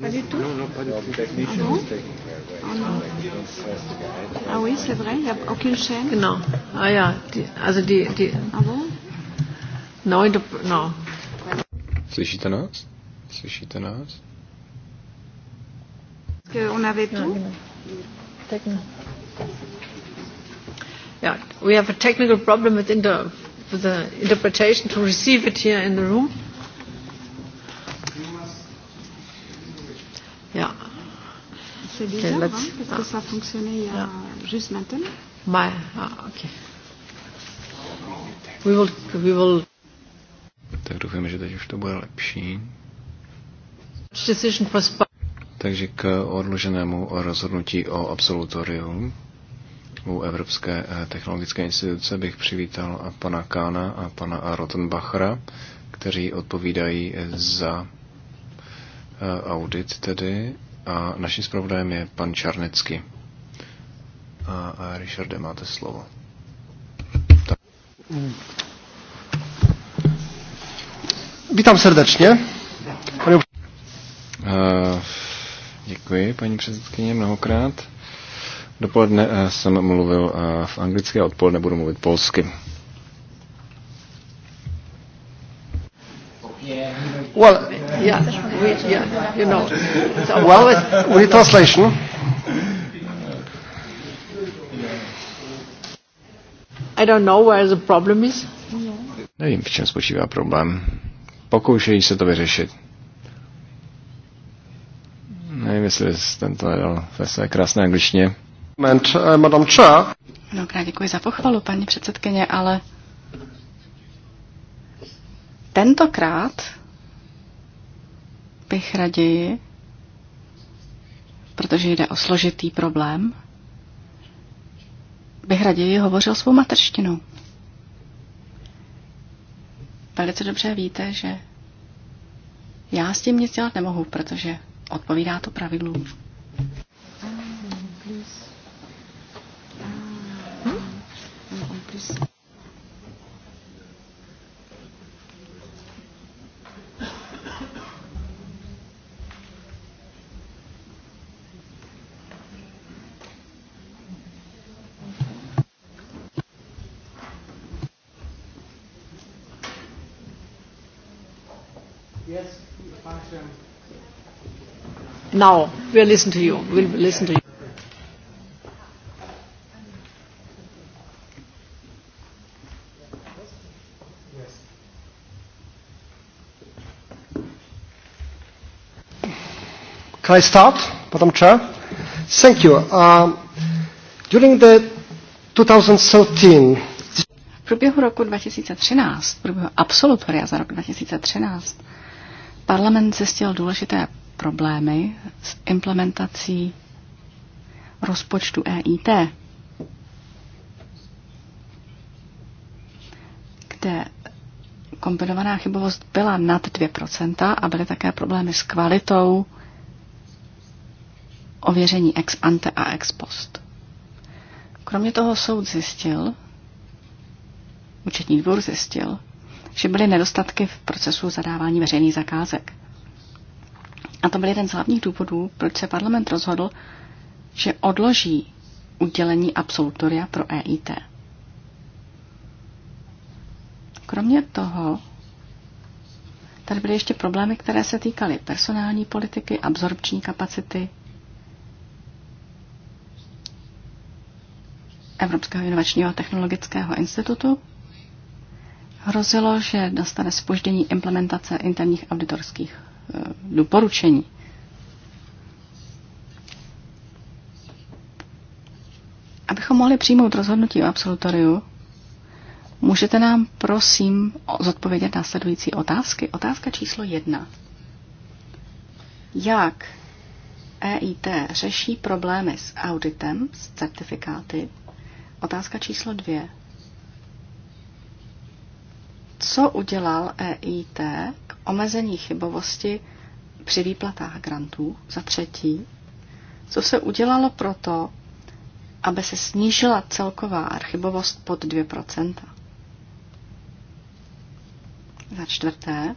Pas du tout Non, non, pas du ah tout. Ah, bon ah, non. ah oui, c'est vrai, il n'y a aucune chaîne Non. Ah ja, die, also ah, die, die ah bon Non, no, no. Slyšíte nás? Slyšíte nás? On avait tout Techno. Yeah, we have a technical problem with, inter, with the interpretation to receive it here in the room. c'est bizarre, hein, parce que ça fonctionnait il y a juste maintenant. My, ah, ok. We will, we will... Tak doufáme, že teď už to bude lepší. Takže k odloženému rozhodnutí o absolutoriu u Evropské eh, technologické instituce bych přivítal pana Kána a pana Rottenbachera, kteří odpovídají za eh, audit tedy a naším zpravodajem je pan Čarnecky. A, a Richarde, máte slovo. Tak. Vítám srdečně. Pane... Uh, děkuji, paní předsedkyně, mnohokrát. Dopoledne eh, jsem mluvil eh, v anglicky a odpoledne budu mluvit polsky. Well, yeah, we, yeah, you know, so, well, it, with translation. I don't know where the problem is. Nevím, v čem spočívá problém. Pokoušejí se to vyřešit. Nevím, jestli ten to nedal ve své krásné angličtině. No, Chair. děkuji za pochvalu, paní předsedkyně, ale tentokrát bych raději, protože jde o složitý problém, bych raději hovořil svou materštinou. Velice dobře víte, že já s tím nic dělat nemohu, protože odpovídá to pravidlům. Ah, now. we We'll listen to you. We'll listen to you. Can I start, Madam Chair? Thank you. Um, during the 2013, v průběhu roku 2013, v průběhu absolutoria za rok 2013, parlament zjistil důležité problémy s implementací rozpočtu EIT, kde kombinovaná chybovost byla nad 2% a byly také problémy s kvalitou ověření ex ante a ex post. Kromě toho soud zjistil, účetní dvůr zjistil, že byly nedostatky v procesu zadávání veřejných zakázek. A to byl jeden z hlavních důvodů, proč se parlament rozhodl, že odloží udělení absolutoria pro EIT. Kromě toho, tady byly ještě problémy, které se týkaly personální politiky, absorpční kapacity, Evropského inovačního technologického institutu. Hrozilo, že dostane spoždění implementace interních auditorských Eh, doporučení. Abychom mohli přijmout rozhodnutí o absolutoriu, můžete nám prosím zodpovědět následující otázky. Otázka číslo jedna. Jak EIT řeší problémy s auditem, s certifikáty? Otázka číslo dvě co udělal EIT k omezení chybovosti při výplatách grantů, za třetí, co se udělalo proto, aby se snížila celková chybovost pod 2%. Za čtvrté,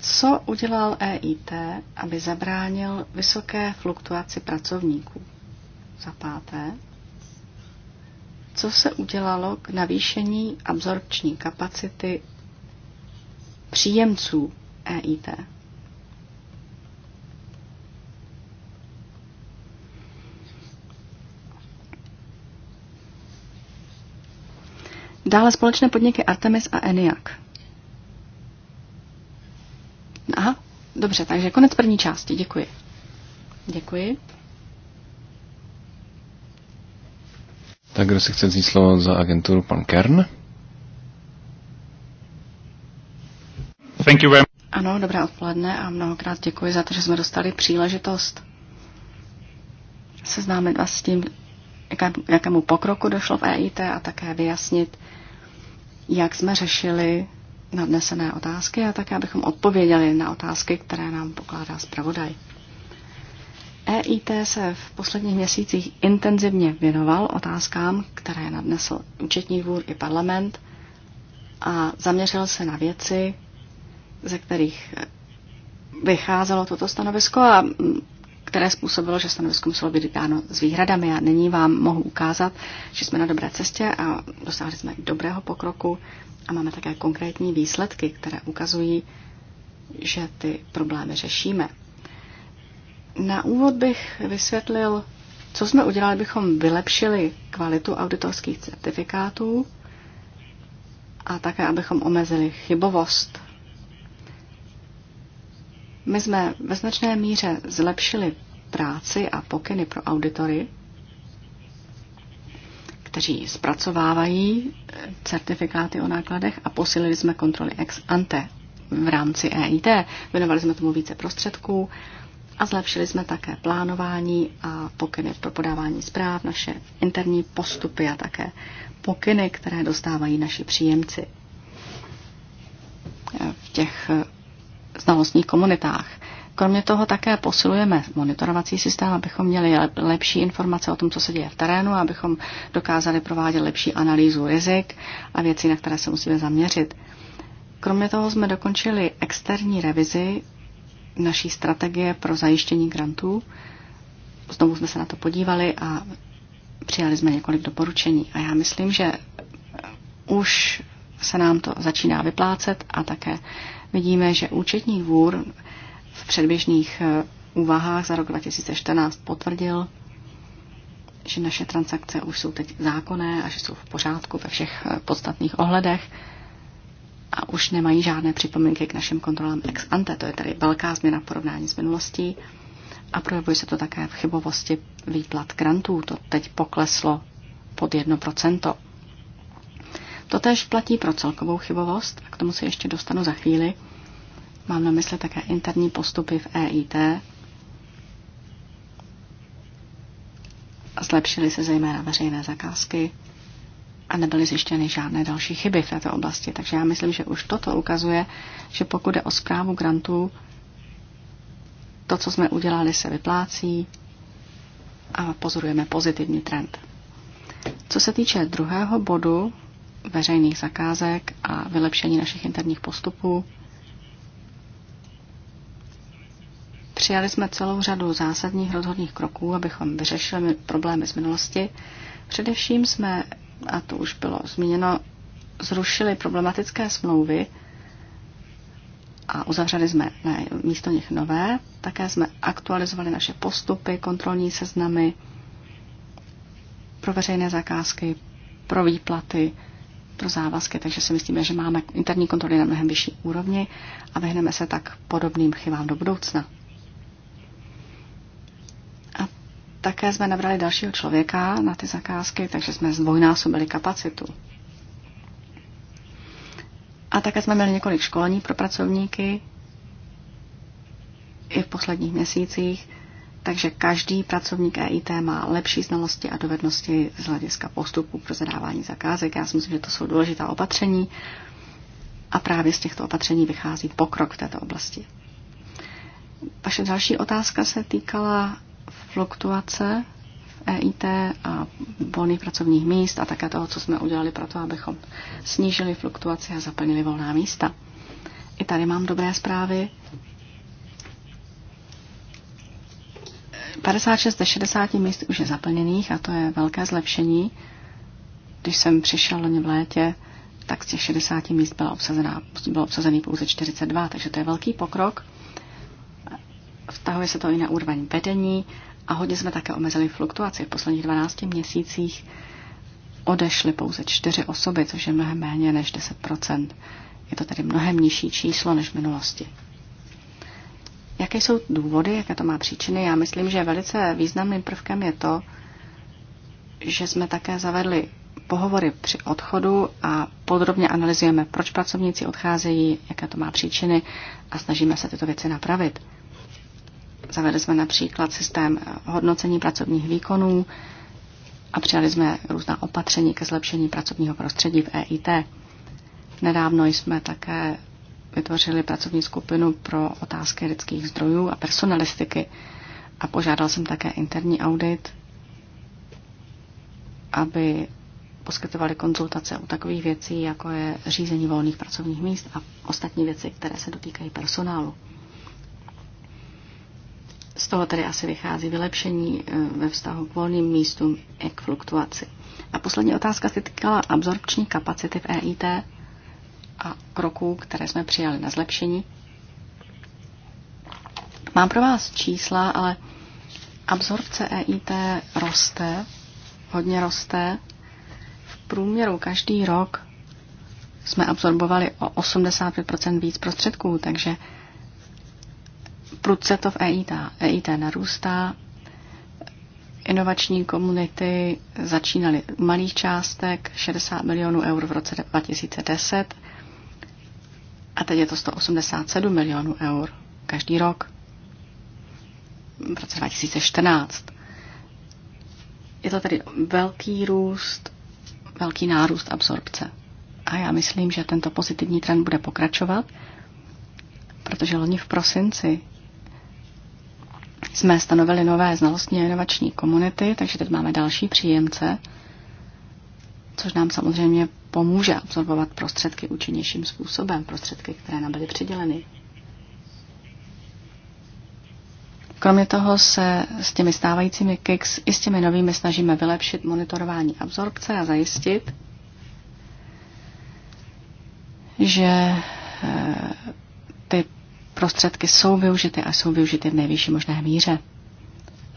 co udělal EIT, aby zabránil vysoké fluktuaci pracovníků? Za páté, co se udělalo k navýšení absorpční kapacity příjemců EIT. Dále společné podniky Artemis a ENIAC. Aha, dobře, takže konec první části. Děkuji. Děkuji. Tak kdo si chce vzít slovo za agenturu? Pan Kern? Thank you very much. Ano, dobré odpoledne a mnohokrát děkuji za to, že jsme dostali příležitost seznámit vás s tím, jakému pokroku došlo v EIT a také vyjasnit, jak jsme řešili nadnesené otázky a také abychom odpověděli na otázky, které nám pokládá zpravodaj. EIT se v posledních měsících intenzivně věnoval otázkám, které nadnesl účetní dvůr i parlament a zaměřil se na věci, ze kterých vycházelo toto stanovisko a mm, které způsobilo, že stanovisko muselo být dáno s výhradami. Já nyní vám mohu ukázat, že jsme na dobré cestě a dosáhli jsme dobrého pokroku a máme také konkrétní výsledky, které ukazují, že ty problémy řešíme. Na úvod bych vysvětlil, co jsme udělali, bychom vylepšili kvalitu auditorských certifikátů a také, abychom omezili chybovost. My jsme ve značné míře zlepšili práci a pokyny pro auditory, kteří zpracovávají certifikáty o nákladech a posílili jsme kontroly ex ante v rámci EIT. Věnovali jsme tomu více prostředků a zlepšili jsme také plánování a pokyny pro podávání zpráv, naše interní postupy a také pokyny, které dostávají naši příjemci e, v těch e, znalostních komunitách. Kromě toho také posilujeme monitorovací systém, abychom měli lepší informace o tom, co se děje v terénu, abychom dokázali provádět lepší analýzu rizik a věcí, na které se musíme zaměřit. Kromě toho jsme dokončili externí revizi naší strategie pro zajištění grantů. Znovu jsme se na to podívali a přijali jsme několik doporučení. A já myslím, že eh, už se nám to začíná vyplácet a také vidíme, že účetní dvůr v předběžných eh, úvahách za rok 2014 potvrdil, že naše transakce už jsou teď zákonné a že jsou v pořádku ve všech eh, podstatných ohledech a už nemají žádné připomínky k našim kontrolám ex ante. To je tedy velká změna v porovnání s minulostí a projevuje se to také v chybovosti výplat grantů. To teď pokleslo pod 1%. Totež platí pro celkovou chybovost a k tomu se ještě dostanu za chvíli. Mám na mysli také interní postupy v EIT. Zlepšily se zejména veřejné zakázky, a nebyly zjištěny žádné další chyby v této oblasti. Takže já myslím, že už toto ukazuje, že pokud je o zprávu grantů, to, co jsme udělali, se vyplácí a pozorujeme pozitivní trend. Co se týče druhého bodu, veřejných zakázek a vylepšení našich interních postupů, přijali jsme celou řadu zásadních rozhodných kroků, abychom vyřešili problémy z minulosti. Především jsme a to už bylo zmíněno, zrušili problematické smlouvy a uzavřeli jsme ne, místo nich nové. Také jsme aktualizovali naše postupy, kontrolní seznamy pro veřejné zakázky, pro výplaty, pro závazky, takže si myslíme, že máme interní kontroly na mnohem vyšší úrovni a vyhneme se tak podobným chybám do budoucna. Také jsme nabrali dalšího člověka na ty zakázky, takže jsme zdvojnásobili kapacitu. A také jsme měli několik školení pro pracovníky i v posledních měsících, takže každý pracovník EIT má lepší znalosti a dovednosti z hlediska postupů pro zadávání zakázek. Já si myslím, že to jsou důležitá opatření a právě z těchto opatření vychází pokrok v této oblasti. Vaše další otázka se týkala fluktuace v EIT a volných pracovních míst a také toho, co jsme udělali pro to, abychom snížili fluktuaci a zaplnili volná místa. I tady mám dobré zprávy. 56 ze 60 míst už je zaplněných a to je velké zlepšení. Když jsem přišel loni v létě, tak z těch 60 míst byla obsazená, bylo obsazený pouze 42, takže to je velký pokrok. Vztahuje se to i na úroveň vedení a hodně jsme také omezili fluktuaci. V posledních 12 měsících odešly pouze čtyři osoby, což je mnohem méně než 10 Je to tedy mnohem nižší číslo než v minulosti. Jaké jsou důvody, jaké to má příčiny? Já myslím, že velice významným prvkem je to, že jsme také zavedli pohovory při odchodu a podrobně analyzujeme, proč pracovníci odcházejí, jaké to má příčiny a snažíme se tyto věci napravit. Zavedli jsme například systém eh, hodnocení pracovních výkonů a přijali jsme různá opatření ke zlepšení pracovního prostředí v EIT. Nedávno jsme také vytvořili pracovní skupinu pro otázky lidských zdrojů a personalistiky a požádal jsem také interní audit, aby poskytovali konzultace u takových věcí, jako je řízení volných pracovních míst a ostatní věci, které se dotýkají personálu. Z toho tedy asi vychází vylepšení eh, ve vztahu k volným místům i k fluktuaci. A poslední otázka se týkala absorpční kapacity v EIT a kroků, které jsme přijali na zlepšení. Mám pro vás čísla, ale absorpce EIT roste, hodně roste. V průměru každý rok jsme absorbovali o 85 víc prostředků, takže prudce to v EIT, EIT narůstá, inovační komunity začínaly v malých částek, 60 milionů eur v roce 2010 a teď je to 187 milionů eur každý rok v roce 2014. Je to tedy velký růst, velký nárůst absorpce. A já myslím, že tento pozitivní trend bude pokračovat, protože loni v prosinci jsme stanovili nové znalostní a inovační komunity, takže teď máme další příjemce, což nám samozřejmě pomůže absorbovat prostředky účinnějším způsobem, prostředky, které nám byly přiděleny. Kromě toho se s těmi stávajícími KIX i s těmi novými snažíme vylepšit monitorování absorpce a zajistit, že eh, prostředky jsou využity a jsou využity v nejvyšší možné míře.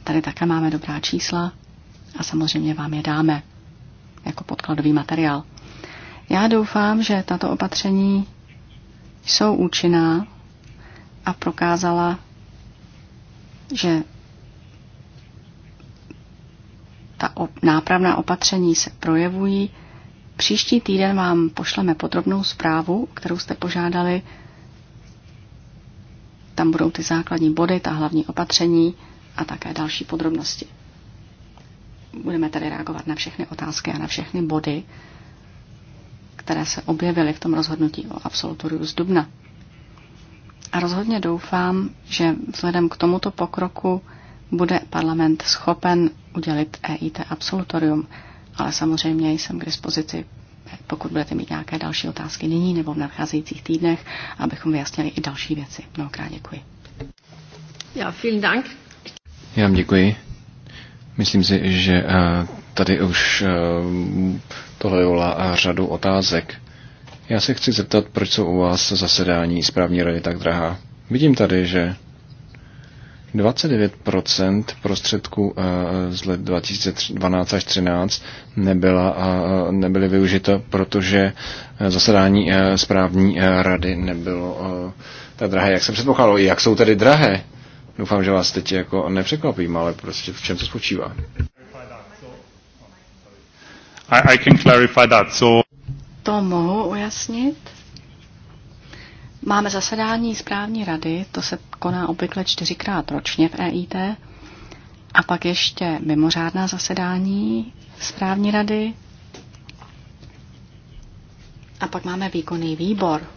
Tady také máme dobrá čísla a samozřejmě vám je dáme jako podkladový materiál. Já doufám, že tato opatření jsou účinná a prokázala, že ta nápravná opatření se projevují. Příští týden vám pošleme podrobnou zprávu, kterou jste požádali tam budou ty základní body, ta hlavní opatření a také další podrobnosti. Budeme tady reagovat na všechny otázky a na všechny body, které se objevily v tom rozhodnutí o absolutoriu z Dubna. A rozhodně doufám, že vzhledem k tomuto pokroku bude parlament schopen udělit EIT absolutorium, ale samozřejmě jsem k dispozici pokud budete mít nějaké další otázky nyní nebo v nadcházejících týdnech, abychom vyjasnili i další věci. Mnohokrát děkuji. Já, vielen Dank. Já vám děkuji. Myslím si, že eh, tady už eh, tohle volá eh, řadu otázek. Já se chci zeptat, proč jsou u vás zasedání správní rady tak drahá. Vidím tady, že 29% prostředků eh, z let 2012 až 2013 nebyla, eh, nebyly využito, protože eh, zasedání správní rady nebylo tak drahé, jak se předpokládalo. I Jak jsou tedy drahé? Doufám, že vás teď jako nepřekvapím, ale prostě v čem to spočívá? I, I can clarify that. So... To mohu ujasnit? Máme zasedání správní rady, to se koná obvykle čtyřikrát ročně v EIT, a pak ještě mimořádná zasedání správní rady. A pak máme výkonný výbor.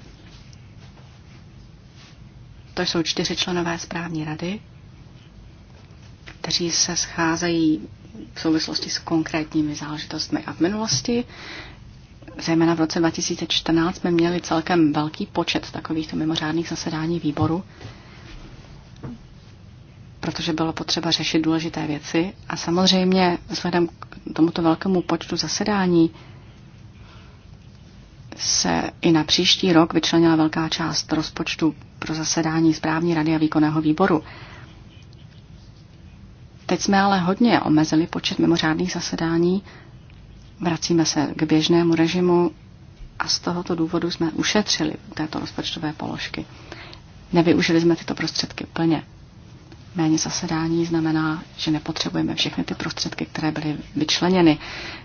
To jsou čtyři členové správní rady, kteří se scházejí v souvislosti s konkrétními záležitostmi. A v minulosti Zejména v roce 2014 jsme měli celkem velký počet takovýchto mimořádných zasedání výboru, protože bylo potřeba řešit důležité věci. A samozřejmě vzhledem k tomuto velkému počtu zasedání se i na příští rok vyčlenila velká část rozpočtu pro zasedání správní rady a výkonného výboru. Teď jsme ale hodně omezili počet mimořádných zasedání, Vracíme se k běžnému režimu a z tohoto důvodu jsme ušetřili této rozpočtové položky. Nevyužili jsme tyto prostředky plně. Méně zasedání znamená, že nepotřebujeme všechny ty prostředky, které byly vyčleněny.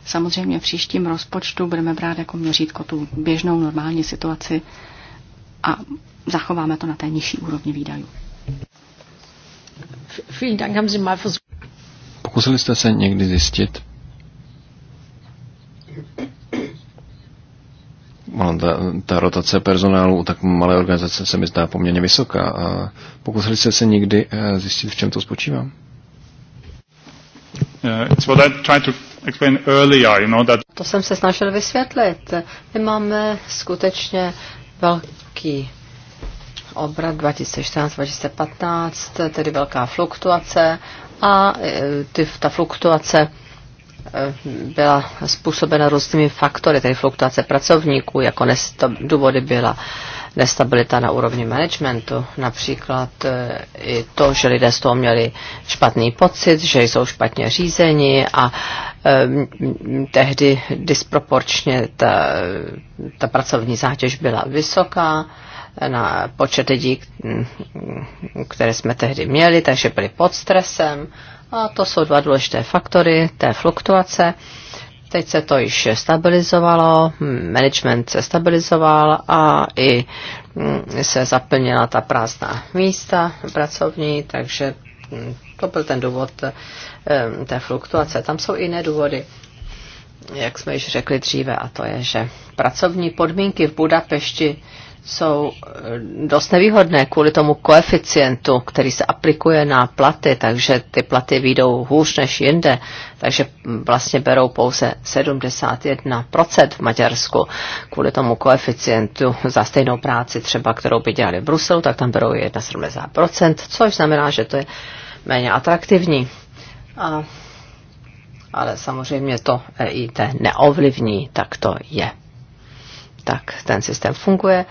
Samozřejmě v příštím rozpočtu budeme brát jako měřítko tu běžnou normální situaci a zachováme to na té nižší úrovni výdajů. Pokusili jste se někdy zjistit, ta, ta rotace personálu u tak malé organizace se mi zdá poměrně vysoká. A pokusili jste se někdy eh, zjistit, v čem to spočívá? Uh, to jsem se snažil vysvětlit. My máme skutečně velký obrat 2014-2015, tedy velká fluktuace a eh, ty, ta fluktuace byla způsobena různými faktory, tedy fluktuace pracovníků, jako nestab- důvody byla nestabilita na úrovni managementu, například e, i to, že lidé z toho měli špatný pocit, že jsou špatně řízeni a e, tehdy disproporčně ta, ta pracovní zátěž byla vysoká na počet lidí, které jsme tehdy měli, takže byli pod stresem a to jsou dva důležité faktory té fluktuace. Teď se to již stabilizovalo, management se stabilizoval a i mm, se zaplnila ta prázdná místa pracovní, takže mm, to byl ten důvod té fluktuace. Tam jsou jiné důvody, jak jsme již řekli dříve, a to je, že pracovní podmínky v Budapešti jsou eh, dost nevýhodné kvůli tomu koeficientu, který se aplikuje na platy, takže ty platy výjdou hůř než jinde, takže vlastně berou pouze 71% v Maďarsku kvůli tomu koeficientu za stejnou práci třeba, kterou by dělali v Bruselu, tak tam berou 71%, což znamená, že to je méně atraktivní. A, ale samozřejmě to EIT neovlivní, tak to je tak ten systém funguje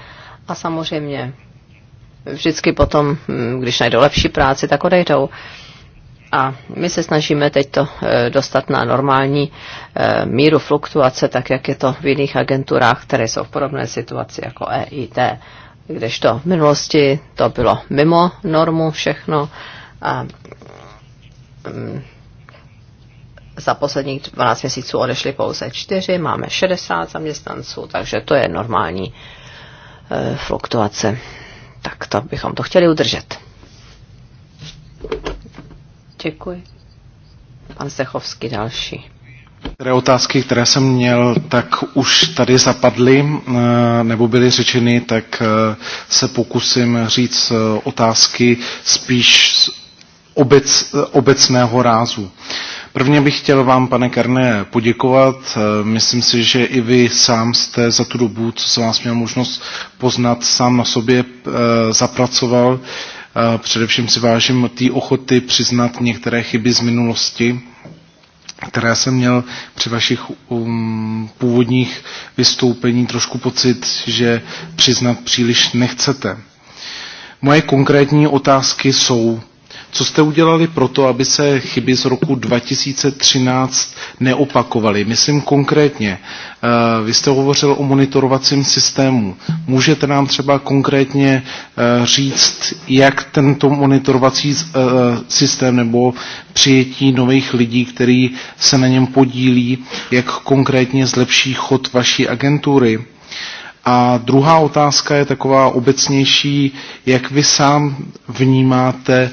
a samozřejmě vždycky potom, hm, když najdou lepší práci, tak odejdou. A my se snažíme teď to eh, dostat na normální eh, míru fluktuace, tak jak je to v jiných agenturách, které jsou v podobné situaci jako EIT. Kdežto v minulosti to bylo mimo normu všechno a hm, za posledních 12 měsíců odešli pouze 4, máme 60 zaměstnanců, takže to je normální uh, Eh, fluktuace. Tak to bychom to chtěli udržet. Děkuji. Pan Sechovský další. Které otázky, které jsem měl, tak už tady zapadly eh, nebo byly řečeny, tak eh, se pokusím říct otázky spíš obec, obecného rázu. Uh, Prvně bych chtěl vám, pane Karné, poděkovat. Eh, myslím si, že i vy sám jste za tu dobu, co jsem vás měl možnost poznat, sám na sobě eh, zapracoval. Eh, především si vážím té ochoty přiznat některé chyby z minulosti, které jsem měl při vašich um, původních vystoupení trošku pocit, že přiznat příliš nechcete. Moje konkrétní otázky jsou co jste udělali pro to, aby se chyby z roku 2013 neopakovaly? Myslím konkrétně, eh, vy jste hovořil o monitorovacím systému. Můžete nám třeba konkrétně eh, říct, jak tento monitorovací eh, systém nebo přijetí nových lidí, který se na něm podílí, jak konkrétně zlepší chod vaší agentury? A druhá otázka je taková obecnější, jak vy sám vnímáte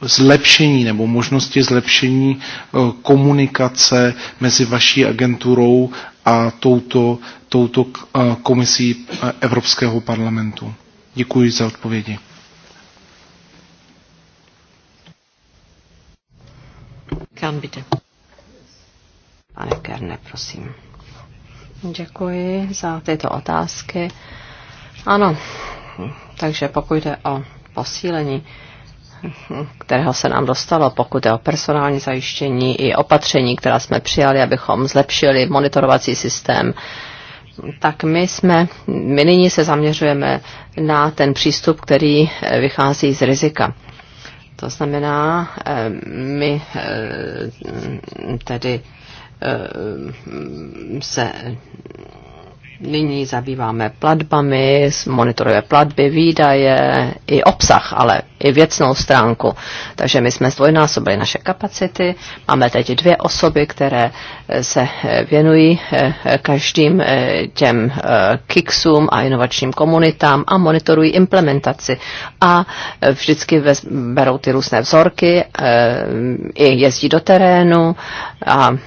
zlepšení nebo možnosti zlepšení eh, komunikace mezi vaší agenturou a touto, touto eh, komisí eh, Evropského parlamentu. Děkuji za odpovědi. Kam bitte. Pane Kerne, prosím. Děkuji za tyto otázky. Ano, takže pokud jde o posílení kterého se nám dostalo, pokud je o personální zajištění i opatření, která jsme přijali, abychom zlepšili monitorovací systém, tak my jsme, my nyní se zaměřujeme na ten přístup, který eh, vychází z rizika. To znamená, eh, my eh, tedy se nyní zabýváme platbami, monitoruje platby, výdaje, i obsah, ale i věcnou stránku. Takže my jsme zdvojnásobili naše kapacity. Máme teď dvě osoby, které eh, se eh, věnují eh, každým těm kiksům a inovačním komunitám a monitorují implementaci. A vždycky berou ty různé vzorky, i jezdí do terénu a mm,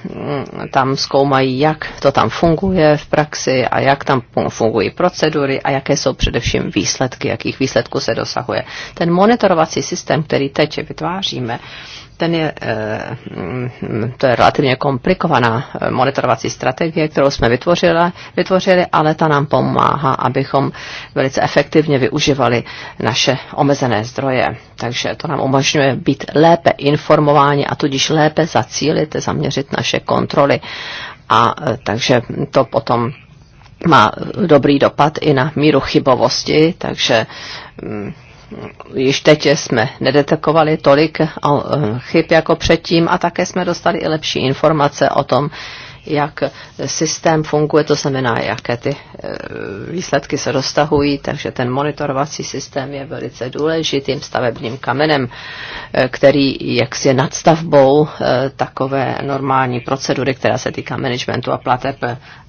tam zkoumají, jak to tam funguje v praxi a jak tam fungují procedury a jaké jsou především výsledky, jakých výsledků se dosahuje. Ten monitorovací systém, který teď vytváříme, ten je, eh, mm, to je relativně komplikovaná eh, monitorovací strategie, kterou jsme vytvořili, vytvořili, ale ta nám pomáhá, abychom velice efektivně využívali naše omezené zdroje. Takže to nám umožňuje být lépe informováni a tudíž lépe zacílit, zaměřit naše kontroly. A eh, takže to potom má dobrý dopad i na míru chybovosti, takže mm, již teď jsme nedetekovali tolik eh, chyb jako předtím a také jsme dostali i lepší informace o tom, jak systém funguje, to znamená, jaké ty eh, výsledky se dostahují, takže ten monitorovací systém je velice důležitým stavebním kamenem, eh, který jaksi je nadstavbou eh, takové normální procedury, která se týká managementu a plateb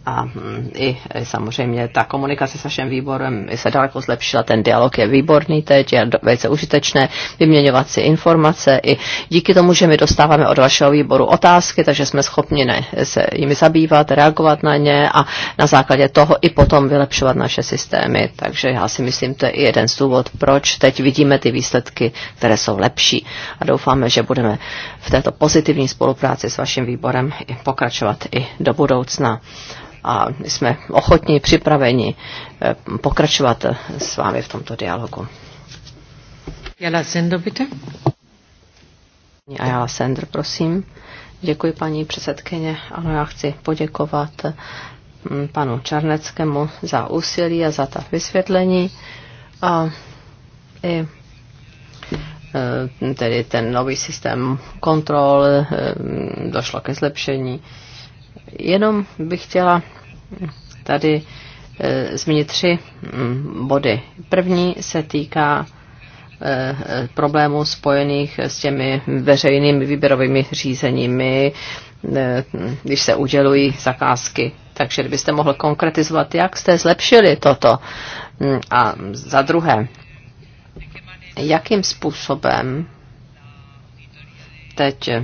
a mm, i samozřejmě ta komunikace s naším výborem se daleko zlepšila, ten dialog je výborný teď, je velice užitečné vyměňovat si informace i díky tomu, že my dostáváme od vašeho výboru otázky, takže jsme schopni ne, se jimi zabývat, reagovat na ně a na základě toho i potom vylepšovat naše systémy. Takže já si myslím, to je i jeden z důvod, proč teď vidíme ty výsledky, které jsou lepší. A doufáme, že budeme v této pozitivní spolupráci s vaším výborem pokračovat i do budoucna a jsme ochotní, připraveni eh, pokračovat eh, s vámi v tomto dialogu. Jala Sender, Sender, prosím. Děkuji paní předsedkyně. Ano, já chci poděkovat mm, panu Čarneckému za úsilí a za ta vysvětlení. A i e, tedy ten nový systém kontrol e, došlo ke zlepšení. Jenom bych chtěla tady e, zmínit tři mm, body. První se týká Eh, problémů spojených s těmi veřejnými výběrovými řízeními, eh, když se udělují zakázky. Takže kdybyste mohl konkretizovat, jak jste zlepšili toto. Mm, a za druhé, jakým způsobem teď eh,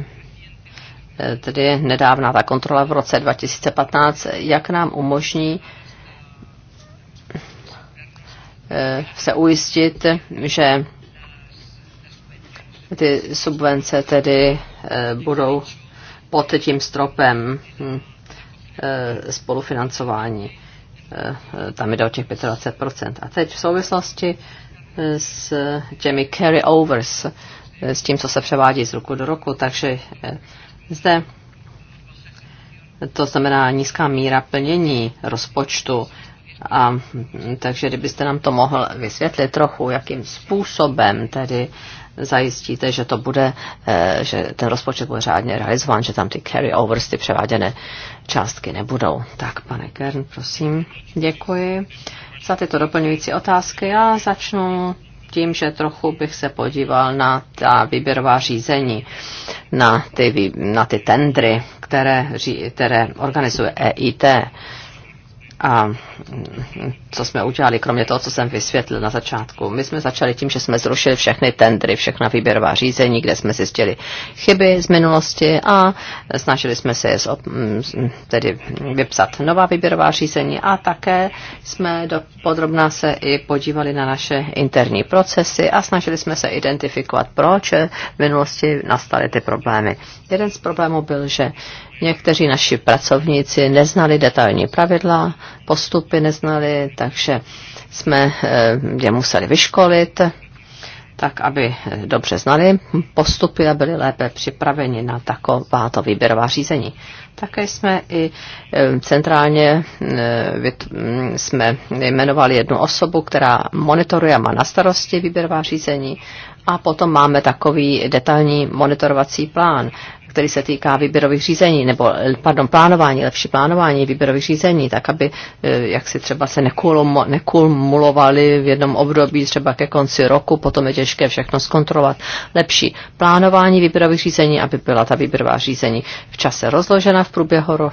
tedy nedávná ta kontrola v roce 2015, jak nám umožní se ujistit, že ty subvence tedy eh, budou pod tím stropem hm, eh, spolufinancování. Eh, tam jde o těch 25%. A teď v souvislosti s těmi carry-overs, s tím, co se převádí z roku do roku, takže zde to znamená nízká míra plnění rozpočtu. A, hm, takže kdybyste nám to mohl vysvětlit trochu, jakým způsobem tedy uh, zajistíte, že to bude, eh, že ten rozpočet bude řádně realizován, že tam ty carry overs, ty převáděné částky nebudou. Tak, pane Kern, prosím. Děkuji za tyto doplňující otázky. Já začnu tím, že trochu bych se podíval na ta výběrová řízení, na ty, na ty tendry, které, které organizuje EIT. A co jsme udělali, kromě toho, co jsem vysvětlil na začátku? My jsme začali tím, že jsme zrušili všechny tendry, všechna výběrová řízení, kde jsme zjistili chyby z minulosti a snažili jsme se tedy vypsat nová výběrová řízení a také jsme do podrobná se i podívali na naše interní procesy a snažili jsme se identifikovat, proč v minulosti nastaly ty problémy. Jeden z problémů byl, že Někteří naši pracovníci neznali detailní pravidla, postupy neznali, takže jsme eh, je museli vyškolit, tak aby eh, dobře znali postupy a byli lépe připraveni na takováto výběrová řízení. Také jsme i eh, centrálně mm, jsme jmenovali jednu osobu, která monitoruje a má na starosti výběrová řízení a potom máme takový detailní monitorovací plán, který se týká výběrových řízení, nebo eh, pardon, plánování, lepší plánování výběrových řízení, tak aby eh, jak si třeba se nekulmulovali v jednom období, třeba ke konci roku, potom je těžké všechno zkontrolovat. Lepší plánování výběrových řízení, aby byla ta výběrová řízení v čase rozložena v průběhu eh,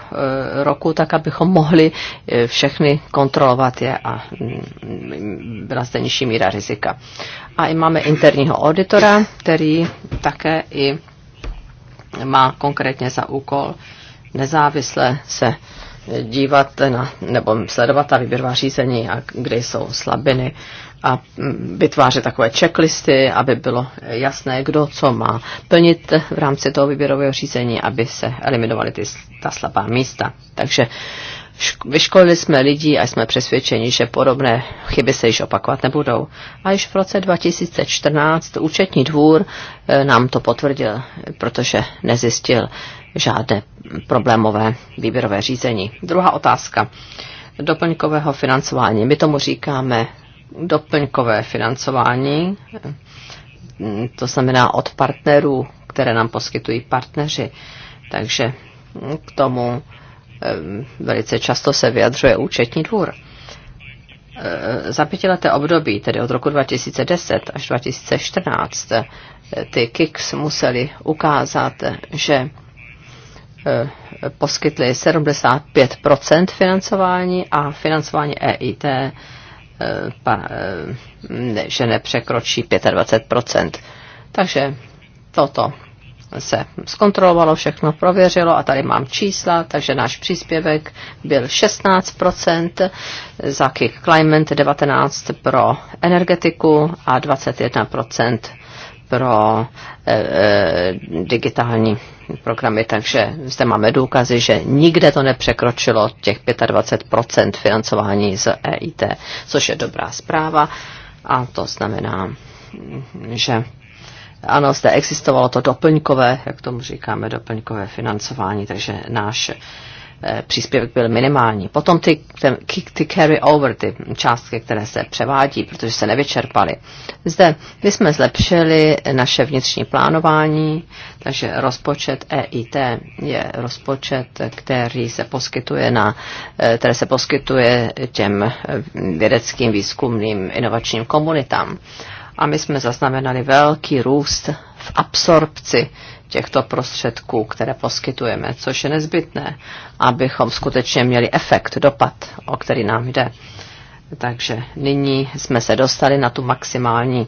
roku, tak abychom mohli všechny kontrolovat je a mm, byla zde nižší míra rizika. A i máme interního auditora, který také i má konkrétně za úkol nezávisle se dívat na, nebo sledovat ta výběrová řízení a kde jsou slabiny a vytvářet takové checklisty, aby bylo jasné, kdo co má plnit v rámci toho výběrového řízení, aby se eliminovaly ty, ta slabá místa. Takže Vyškolili jsme lidi a jsme přesvědčeni, že podobné chyby se již opakovat nebudou. A již v roce 2014 účetní dvůr eh, nám to potvrdil, protože nezjistil žádné problémové výběrové řízení. Druhá otázka. Doplňkového financování. My tomu říkáme doplňkové financování, to znamená od partnerů, které nám poskytují partneři. Takže k tomu velice často se vyjadřuje účetní dvůr. Za pětileté období, tedy od roku 2010 až 2014, ty KICS museli ukázat, že poskytli 75 financování a financování EIT že nepřekročí 25 Takže toto se zkontrolovalo, všechno prověřilo a tady mám čísla, takže náš příspěvek byl 16%, za Kick Climate 19% pro energetiku a 21% pro e, e, digitální programy, takže zde máme důkazy, že nikde to nepřekročilo těch 25% financování z EIT, což je dobrá zpráva a to znamená, že ano, zde existovalo to doplňkové, jak tomu říkáme, doplňkové financování, takže náš eh, příspěvek byl minimální. Potom ty, ten, ty carry over, ty částky, které se převádí, protože se nevyčerpaly. Zde my jsme zlepšili naše vnitřní plánování, takže rozpočet EIT je rozpočet, který se poskytuje na, eh, které se poskytuje těm eh, vědeckým, výzkumným, inovačním komunitám a my jsme zaznamenali velký růst v absorpci těchto prostředků, které poskytujeme, což je nezbytné, abychom skutečně měli efekt, dopad, o který nám jde. Takže nyní jsme se dostali na tu maximální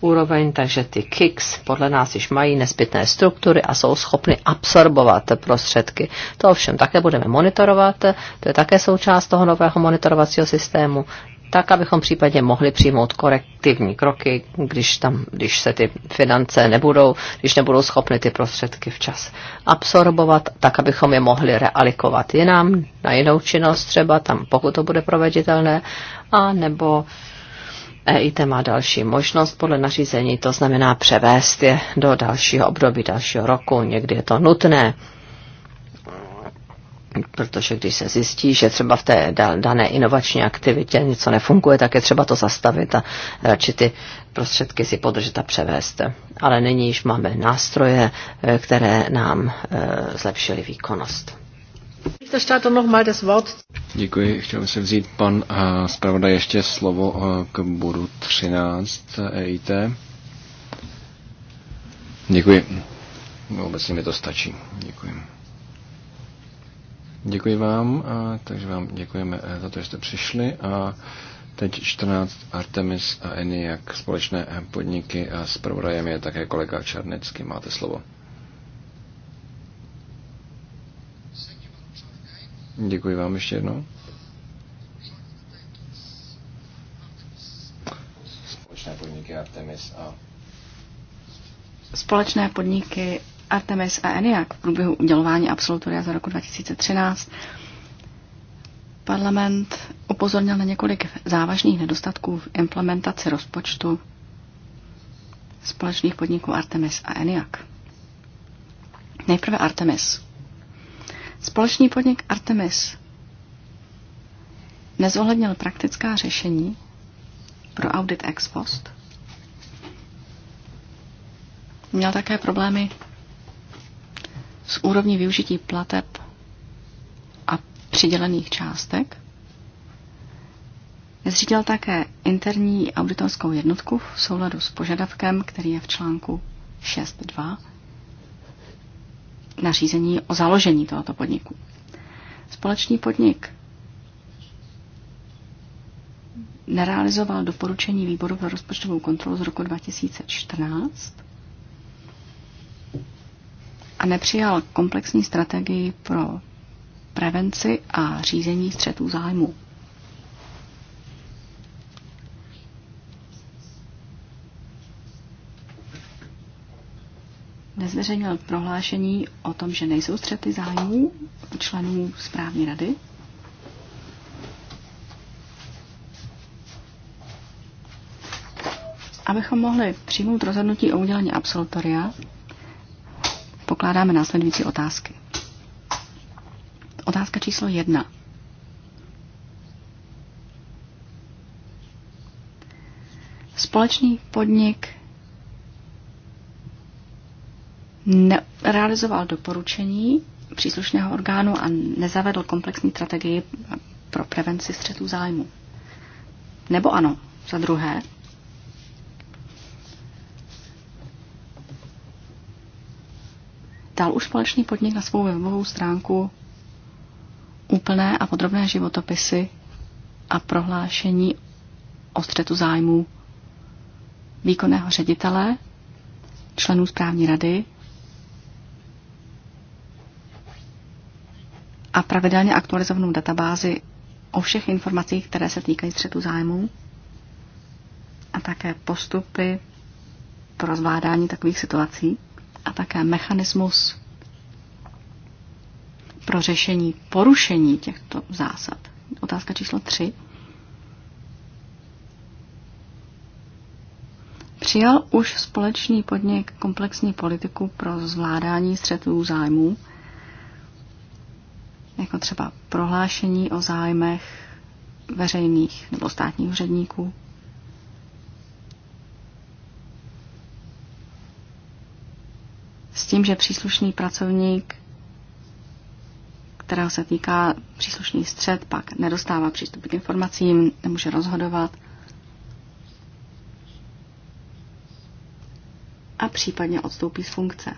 úroveň, takže ty KICS podle nás již mají nezbytné struktury a jsou schopny absorbovat prostředky. To ovšem také budeme monitorovat, to je také součást toho nového monitorovacího systému, tak abychom případně mohli přijmout korektivní kroky, když, tam, když se ty finance nebudou, když nebudou schopny ty prostředky včas absorbovat, tak abychom je mohli realikovat jinam, na jinou činnost třeba, tam, pokud to bude proveditelné, a nebo EIT má další možnost podle nařízení, to znamená převést je do dalšího období, dalšího roku, někdy je to nutné protože když se zjistí, že třeba v té dané inovační aktivitě něco nefunguje, tak je třeba to zastavit a radši ty prostředky si podržet a převést. Ale nyní již máme nástroje, eh, které nám eh, zlepšily výkonnost. Děkuji. Chtěl se vzít pan eh, zpravodaj ještě slovo k bodu 13 EIT. E Děkuji. Obecně mi to stačí. Děkuji. Děkuji vám, a, takže vám děkujeme eh, za to, že jste přišli a teď 14 Artemis a Eniak společné eh, podniky a s prvodajem je také kolega Černecký. Máte slovo. Děkuji vám ještě jednou. Společné podniky Artemis a Společné podniky Artemis a Eniak v průběhu udělování absolutoria za roku 2013 parlament upozornil na několik závažných nedostatků v implementaci rozpočtu společných podniků Artemis a ENIAC. Nejprve Artemis. Společný podnik Artemis nezohlednil praktická řešení pro audit ex post. Měl také problémy s úrovní využití plateb a přidělených částek. Zřídil také interní auditorskou jednotku v souladu s požadavkem, který je v článku 6.2 nařízení o založení tohoto podniku. Společný podnik nerealizoval doporučení výboru pro rozpočtovou kontrolu z roku 2014 a nepřijal komplexní strategii pro prevenci a řízení střetů zájmů. nezveřejnil prohlášení o tom, že nejsou střety zájmů členů správní rady. Abychom mohli přijmout rozhodnutí o udělení absolutoria, pokládáme následující otázky. Otázka číslo jedna. Společný podnik realizoval doporučení příslušného orgánu a nezavedl komplexní strategii pro prevenci střetů zájmu. Nebo ano, za druhé, Dal už společný podnik na svou webovou stránku úplné a podrobné životopisy a prohlášení o střetu zájmů výkonného ředitele, členů správní rady a pravidelně aktualizovanou databázi o všech informacích, které se týkají střetu zájmů a také postupy pro zvládání takových situací a také mechanismus pro řešení porušení těchto zásad. Otázka číslo 3. Přijal už společný podnik komplexní politiku pro zvládání střetů zájmů, jako třeba prohlášení o zájmech veřejných nebo státních úředníků, tím, že příslušný pracovník, kterého se týká příslušný střed, pak nedostává přístup k informacím, nemůže rozhodovat a případně odstoupí z funkce.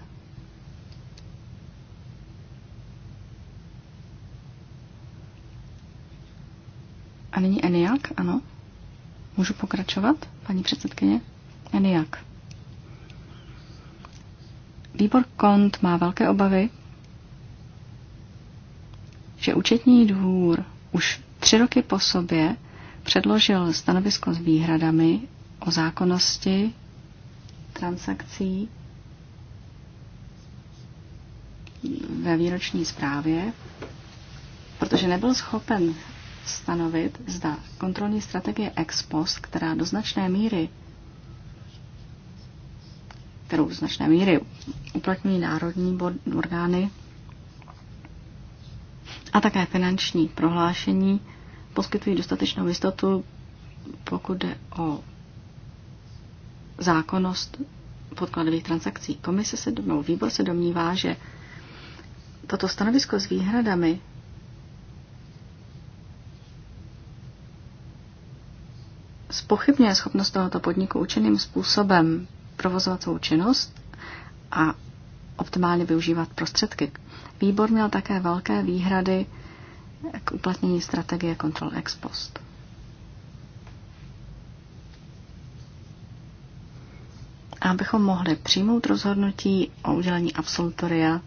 A nyní Eniak, ano? Můžu pokračovat, paní předsedkyně? Eniak. Výbor KONT má velké obavy, že účetní dvůr už tři roky po sobě předložil stanovisko s výhradami o zákonnosti transakcí ve výroční zprávě, protože nebyl schopen stanovit, zda kontrolní strategie ex post, která do značné míry kterou značné míry uplatňují národní orgány a také finanční prohlášení poskytují dostatečnou jistotu, pokud jde o zákonnost podkladových transakcí. Komise se, nebo výbor se domnívá, že toto stanovisko s výhradami spochybňuje schopnost tohoto podniku učeným způsobem provozovat svou činnost a optimálně využívat prostředky. Výbor měl také velké výhrady k uplatnění strategie kontrol ex post. Abychom mohli přijmout rozhodnutí o udělení absolutoria,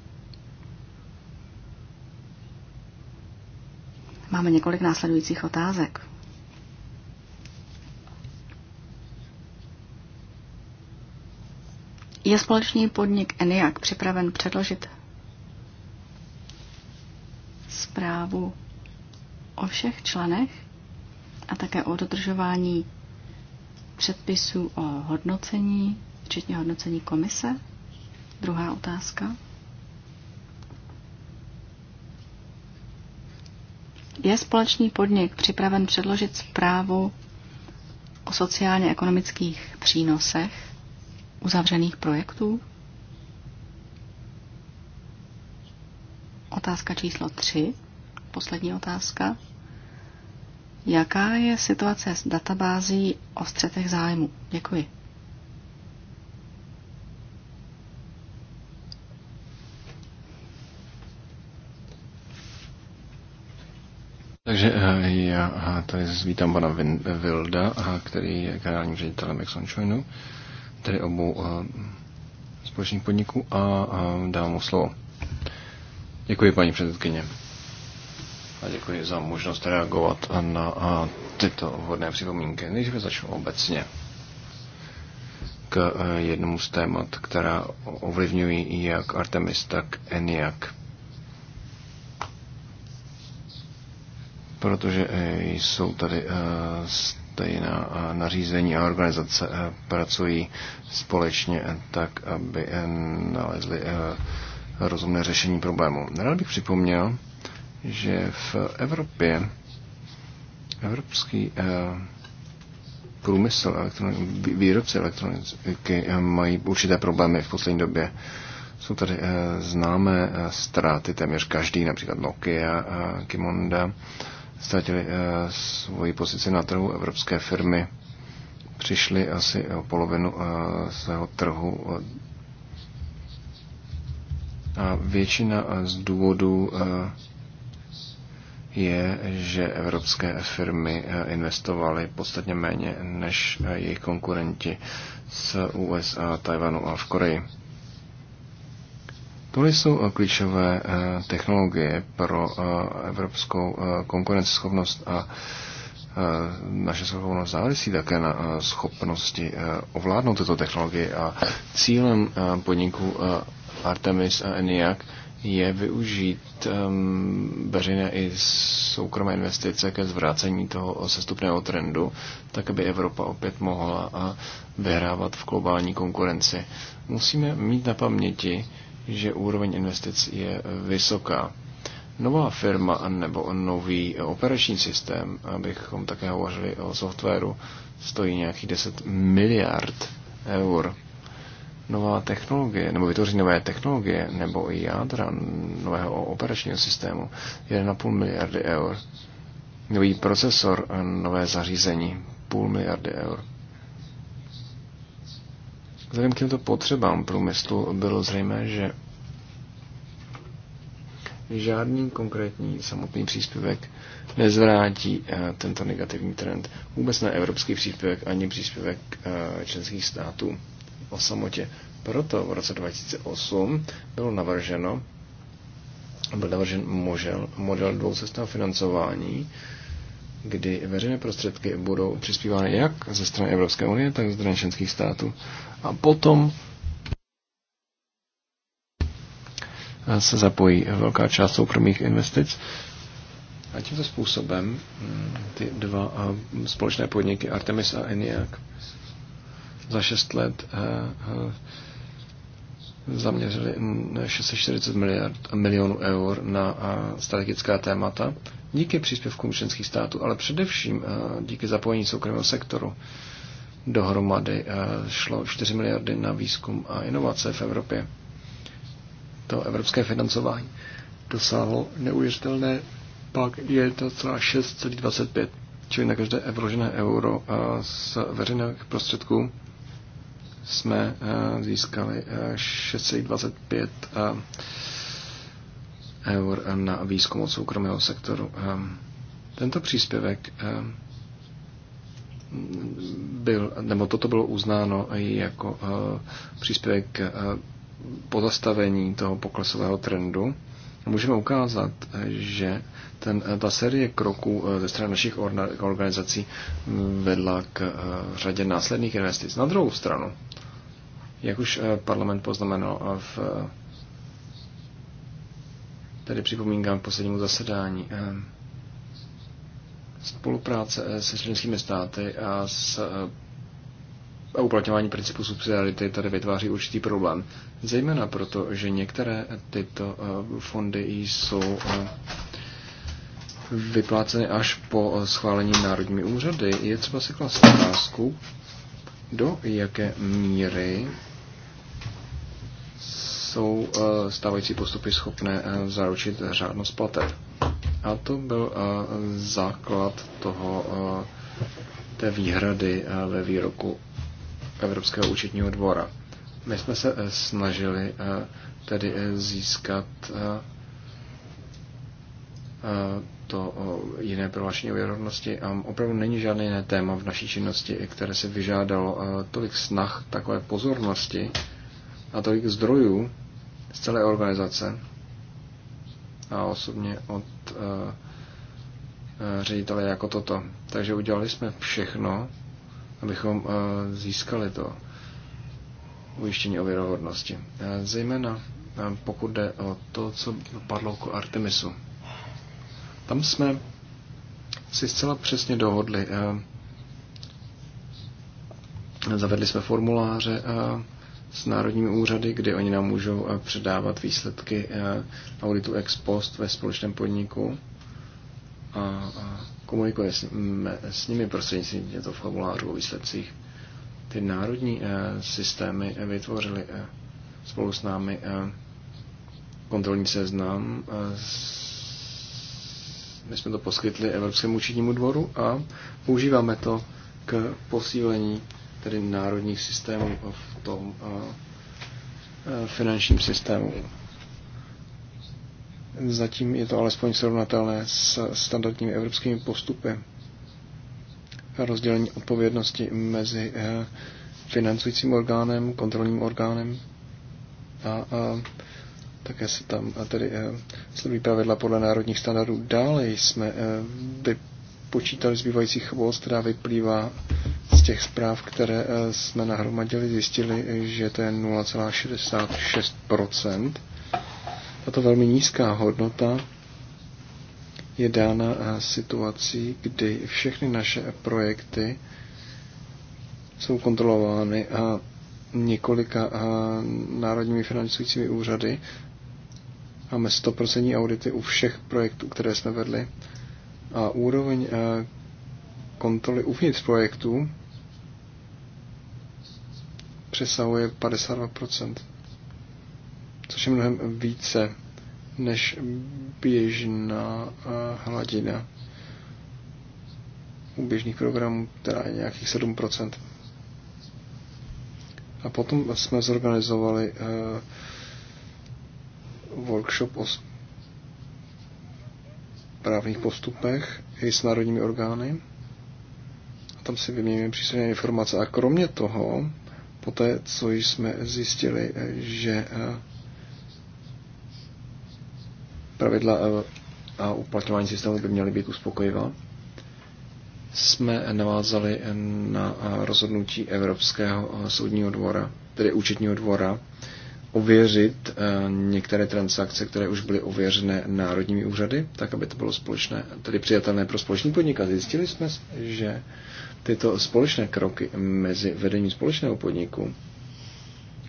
máme několik následujících otázek. Je společný podnik ENIAC připraven předložit zprávu o všech členech a také o dodržování předpisů o hodnocení, včetně hodnocení komise? Druhá otázka. Je společný podnik připraven předložit zprávu o sociálně-ekonomických přínosech uzavřených projektů. Otázka číslo 3, poslední otázka. Jaká je situace s databází o střetech zájmu? Děkuji. Takže eh, já eh, tady zvítám pana Vilda, eh, který je generálním ředitelem ExxonShoinu tedy obou eh, společných podniků a dám mu slovo. Děkuji, paní předsedkyně. A děkuji za možnost reagovat na tyto vhodné připomínky. Nejdříve začnu obecně k eh, jednomu z témat, která ovlivňují jak Artemis, tak Eniak. Protože eh, jsou tady na nařízení a organizace pracují společně tak, aby nalezli rozumné řešení problému. Rád bych připomněl, že v Evropě evropský průmysl, elektroni- výrobci elektroniky mají určité problémy v poslední době. Jsou tady známé ztráty téměř každý, například Nokia, Kimonda, ztratili eh, svoji pozici na trhu. Evropské firmy přišly asi o polovinu eh, svého trhu a většina eh, z důvodů je, že evropské firmy investovaly podstatně méně než jejich konkurenti z USA, Tajvanu a v Koreji. Tohle jsou eh, klíčové eh, technologie pro eh, evropskou konkurenceschopnost a naše schopnost závisí také na schopnosti ovládnout tyto technologie a cílem podniku Artemis a ENIAC je využít ehm, veřejné i soukromé investice ke zvrácení toho sestupného trendu, tak aby Evropa opět mohla a vyhrávat v globální konkurenci. Musíme mít na paměti, že úroveň investic je vysoká. Nová firma nebo nový operační systém, abychom také hovořili o softwaru, stojí nějakých 10 miliard eur. Nová technologie, nebo vytvoření nové technologie, nebo i jádra nového operačního systému, 1,5 miliardy eur. Nový procesor, nové zařízení, půl miliardy eur Vzhledem k těmto potřebám průmyslu bylo zřejmé, že žádný konkrétní samotný příspěvek nezvrátí eh, tento negativní trend. Vůbec ne evropský příspěvek ani příspěvek eh, členských států o samotě. Proto v roce 2008 bylo navrženo, byl navržen model, model dvoucestného financování, kdy veřejné prostředky budou přispívány jak ze strany Evropské unie, tak ze strany členských států. A potom se zapojí velká část soukromých investic. A tímto způsobem mm, ty dva eh, společné podniky Artemis a ENIAC za šest let eh, eh, zaměřili 640 miliard milionů eur na strategická témata díky příspěvkům členských států, ale především díky zapojení soukromého sektoru. Dohromady šlo 4 miliardy na výzkum a inovace v Evropě. To evropské financování dosáhlo neuvěřitelné pak je to 6,25, čili na každé vložené euro z veřejných prostředků jsme eh, získali 625 eh, eh, eur na výzkum od soukromého sektoru. Tento příspěvek byl, nebo toto bylo uznáno i jako příspěvek pozastavení toho poklesového trendu můžeme ukázat, že ten, ta série kroků eh, ze strany našich organizací vedla k eh, řadě následných investic. Na druhou stranu, jak už eh, parlament poznamenal v tedy připomínkám poslednímu zasedání, spolupráce se členskými státy a s a uplatňování principu subsidiarity tady vytváří určitý problém. Zejména proto, že některé tyto eh, fondy jsou eh, vypláceny až po eh, schválení národními úřady. Je třeba si klást otázku, do jaké míry jsou stávající postupy schopné zaručit řádnost plateb. A to byl základ toho, té výhrady ve výroku Evropského účetního dvora. My jsme se eh, snažili eh, tedy eh, získat to jiné prohlášení o A Opravdu není žádné jiné téma v naší činnosti, které se vyžádalo tolik snah, takové pozornosti a tolik zdrojů z celé organizace a osobně od ředitele jako toto. Takže udělali jsme všechno, abychom eh, získali to ujištění o věrohodnosti. Eh, zejména eh, pokud jde o to, co padlo k Artemisu. Tam jsme si zcela přesně dohodli. Zavedli jsme formuláře s národními úřady, kdy oni nám můžou předávat výsledky auditu ex post ve společném podniku. A komunikuje s, m, s nimi prostřednictvím těchto formulářů o výsledcích. Ty národní e, systémy eh, vytvořily e, spolu s námi e, kontrolní seznam. E, s, my jsme to poskytli Evropskému učitnímu dvoru a používáme to k posílení tedy národních systémů v tom e, finančním systému. Zatím je to alespoň srovnatelné s standardními evropskými postupy. Rozdělení odpovědnosti mezi eh, financujícím orgánem, kontrolním orgánem a, a také se tam a tedy eh, sledují pravidla podle národních standardů. Dále jsme eh, vypočítali zbývající chvost, která vyplývá z těch zpráv, které jsme nahromadili, zjistili, že to je 0,66 tato velmi nízká hodnota je dána eh, situací, kdy všechny naše projekty jsou kontrolovány a několika eh, národními financujícími úřady. Máme 100% audity u všech projektů, které jsme vedli. A úroveň eh, kontroly uvnitř projektů přesahuje 52% což je mnohem více než běžná eh, hladina u běžných programů, která je nějakých 7%. A potom jsme zorganizovali uh, workshop o právních postupech i s národními orgány. A tam si vyměníme příslušné informace. A kromě toho, poté, co jsme zjistili, eh, že uh, pravidla a uplatňování systému by měly být uspokojivá, jsme navázali na rozhodnutí Evropského soudního dvora, tedy účetního dvora, ověřit eh, některé transakce, které už byly ověřené národními úřady, tak aby to bylo společné, tedy přijatelné pro společný podnik. A zjistili jsme, že tyto společné kroky mezi vedením společného podniku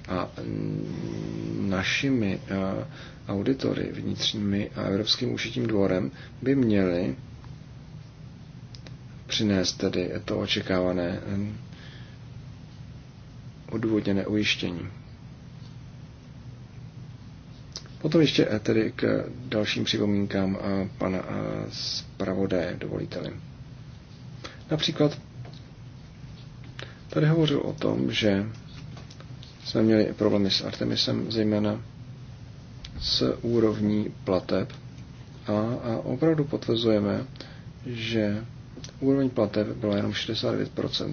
a našimi auditory vnitřními a Evropským ušitím dvorem by měli přinést tedy to očekávané odůvodněné ujištění. Potom ještě e, tedy k dalším připomínkám e, pana e, zpravodaje, dovolíte-li. Například tady hovořil o tom, že jsme měli problémy s Artemisem, zejména s úrovní plateb. A, a opravdu potvrzujeme, že úroveň plateb byla jenom 69%.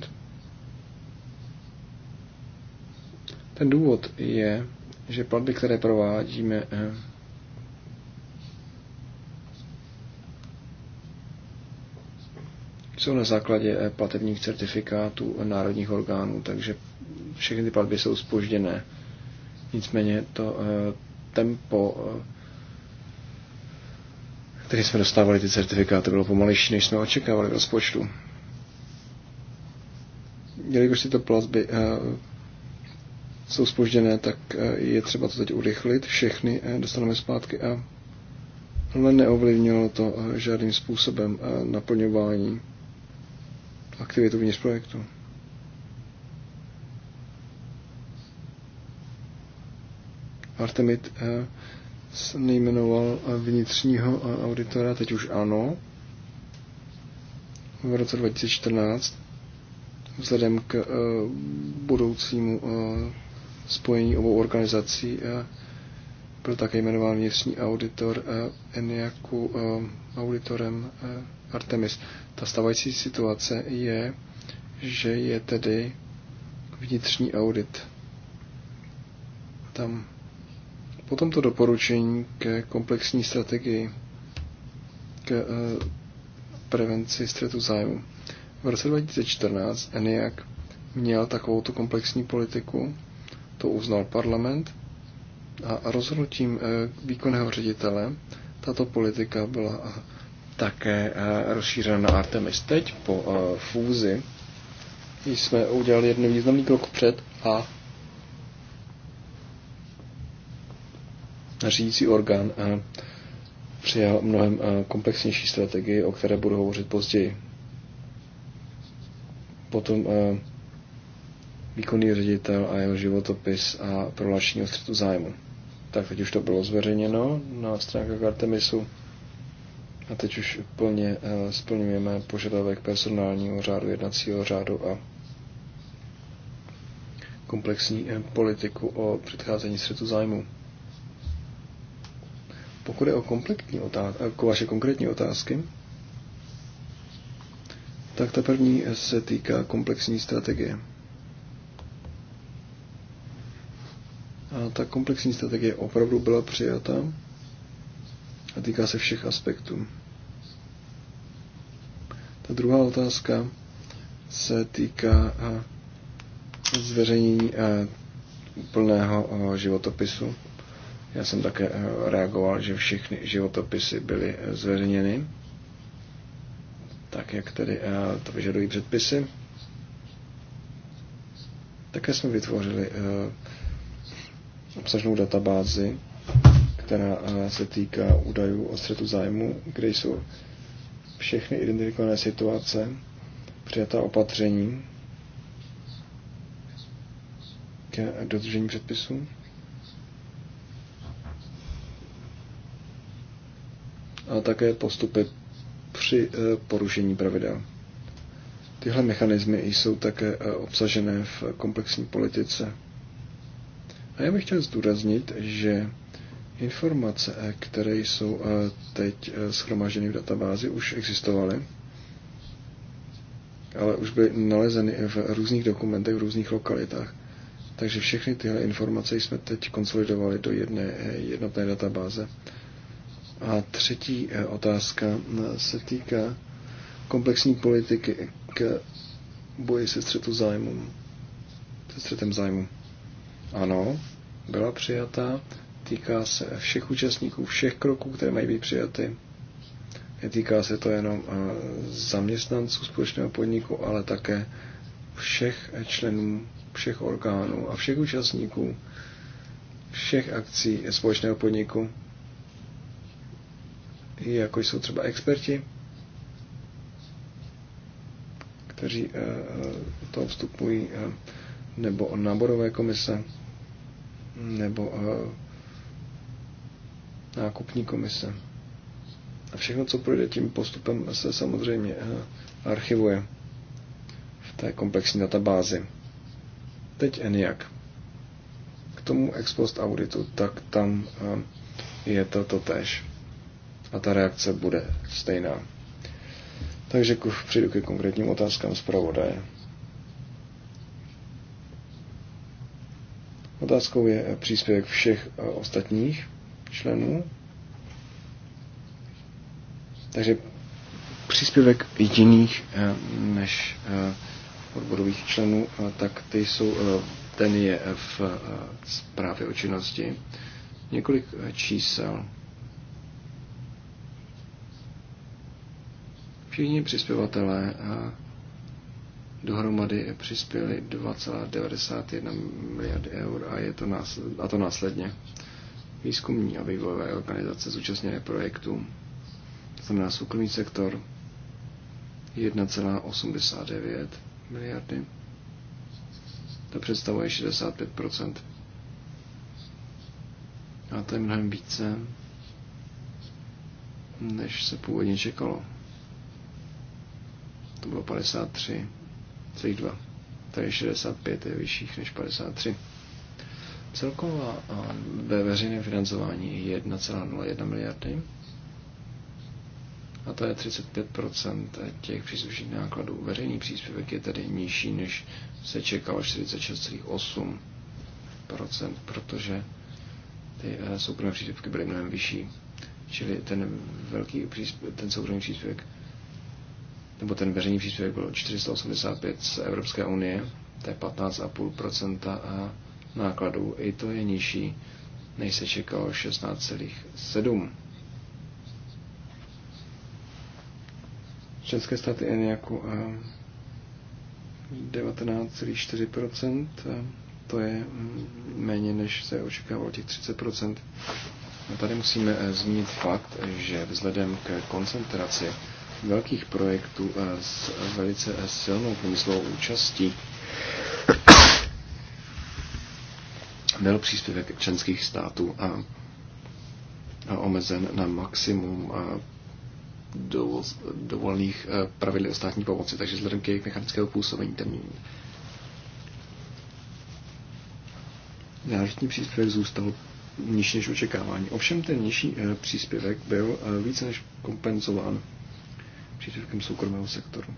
Ten důvod je, že platby, které provádíme, eh, jsou na základě eh, platebních certifikátů národních orgánů, takže všechny ty platby jsou spožděné. Nicméně to eh, tempo, eh, který jsme dostávali ty certifikáty, bylo pomalejší, než jsme očekávali v rozpočtu. Jelikož tyto platby eh, jsou spožděné, tak je třeba to teď urychlit. Všechny dostaneme zpátky a ale neovlivnilo to žádným způsobem naplňování aktivitu vnitř projektu. Artemid eh, nejmenoval eh, vnitřního eh, auditora, teď už ano, v roce 2014, vzhledem k budoucímu spojení obou organizací byl také jmenován vnitřní auditor Eniaku auditorem Artemis. Ta stavající situace je, že je tedy vnitřní audit. Tam po tomto doporučení ke komplexní strategii k eh, prevenci střetu zájmu. V roce 2014 ENIAC měl takovouto komplexní politiku, to uznal parlament a rozhodnutím eh, výkonného ředitele tato politika byla eh, také rozšířena na Artemis. Teď po fúzi jsme udělali jeden významný krok před a řídící orgán přijal mnohem komplexnější strategii, o které budu hovořit později. Potom výkonný ředitel a jeho životopis a prohlášení o střetu zájmu. Tak teď už to bylo zveřejněno na stránkách Artemisu a teď už plně splňujeme požadavek personálního řádu, jednacího řádu a komplexní politiku o předcházení střetu zájmu. Pokud je o, kompletní otázky, o eh, vaše konkrétní otázky, tak ta první se týká komplexní strategie. A ta komplexní strategie opravdu byla přijata a týká se všech aspektů. Ta druhá otázka se týká eh, zveřejnění eh, plného životopisu já jsem také eh, reagoval, že všechny životopisy byly eh, zveřejněny, tak jak tedy eh, to vyžadují předpisy. Také jsme vytvořili obsažnou databázi, která se týká údajů o střetu zájmu, kde jsou všechny identifikované situace, přijatá opatření k dodržení předpisů. a také postupy při eh, porušení pravidel. Tyhle mechanismy jsou také eh, obsažené v komplexní politice. A já bych chtěl zdůraznit, že informace, eh, které jsou teď schromaženy v databázi, už existovaly, ale už byly nalezeny v různých dokumentech, v různých lokalitách. Takže všechny tyhle informace jsme teď konsolidovali do jedné jednotné databáze a třetí eh, otázka eh, se týká komplexní politiky k boji se střetu zájmu. Se střetem zájmu. Ano, byla přijata. Týká se všech účastníků, všech kroků, které mají být přijaty. Netýká se to jenom eh, zaměstnanců společného podniku, ale také všech členů, všech orgánů a všech účastníků všech akcí společného podniku jako jsou třeba experti, kteří eh, eh, to vstupují, eh, nebo náborové komise, nebo nákupní komise. A všechno, co projde tím postupem, se samozřejmě archivuje v té komplexní databázi. Teď ENIAC. K tomu ex post auditu, tak tam je to totéž a ta reakce bude stejná. Takže přijdu ke konkrétním otázkám zpravodaje. Otázkou je příspěvek všech eh, ostatních členů. Takže příspěvek jiných eh, než eh, odborových členů, tak ty jsou, ten je v zprávě o činnosti. Několik čísel. Všichni přispěvatelé dohromady přispěli 2,91 miliard eur a, je to následně, a to následně výzkumní a vývojové organizace zúčastněné projektu, to znamená soukromý sektor 1,89 miliardy. To představuje 65%. A to je mnohem více, než se původně čekalo to bylo 53,2. Tady 65 je vyšších než 53. Celková ve veřejném financování je 1,01 miliardy. A to je 35% těch příslušných nákladů. Veřejný příspěvek je tedy nižší, než se čekalo 46,8%, protože ty eh, soukromé příspěvky byly mnohem vyšší. Čili ten velký příspěvek, ten soukromý příspěvek nebo ten veřejný příspěvek byl 485 z Evropské unie, to je 15,5% a nákladů. I to je nižší, než se čekalo 16,7%. České státy je nějakou 19,4%, to je mm, méně, než se očekávalo těch 30%. A tady musíme eh, zmínit fakt, že vzhledem k koncentraci velkých projektů s velice silnou průmyslovou účastí byl příspěvek členských států a, a omezen na maximum a do, dovolných e, pravidel o státní pomoci, takže vzhledem k jejich mechanického působení ten národní příspěvek zůstal nižší než očekávání. Ovšem ten nižší e, příspěvek byl e, více než kompenzován příspěvkem soukromého sektoru.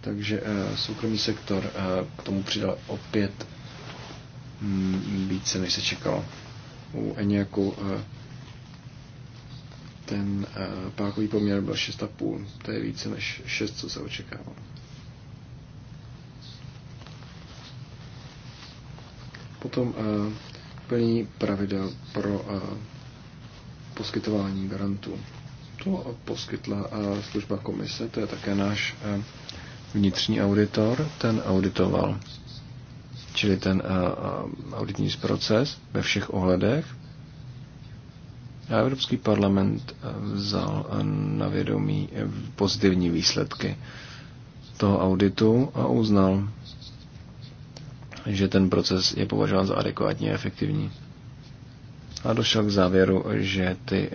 Takže eh, soukromý sektor eh, k tomu přidal opět mm, více, než se čekalo. U Eniaku eh, ten pákový poměr byl 6,5. To je více než 6, co se očekávalo. Potom plní pravidel pro poskytování garantů to poskytla eh, služba komise, to je také náš eh, vnitřní auditor, ten auditoval. Čili ten eh, auditní proces ve všech ohledech. A Evropský parlament vzal na vědomí pozitivní výsledky toho auditu a uznal, že ten proces je považován za adekvátně efektivní. A došel k závěru, že ty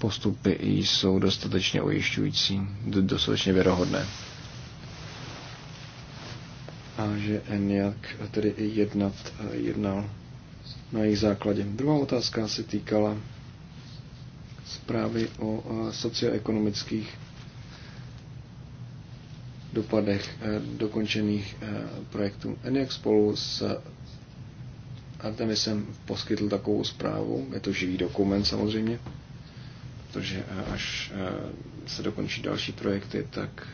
postupy jsou dostatečně ujišťující, dostatečně věrohodné. A že nějak tedy jednat, eh, jednal na jejich základě. Druhá otázka se týkala zprávy o eh, socioekonomických dopadech eh, dokončených projektů. ENIAC spolu s Artemisem poskytl takovou zprávu, je to živý dokument samozřejmě, protože eh, až eh, se dokončí další projekty, tak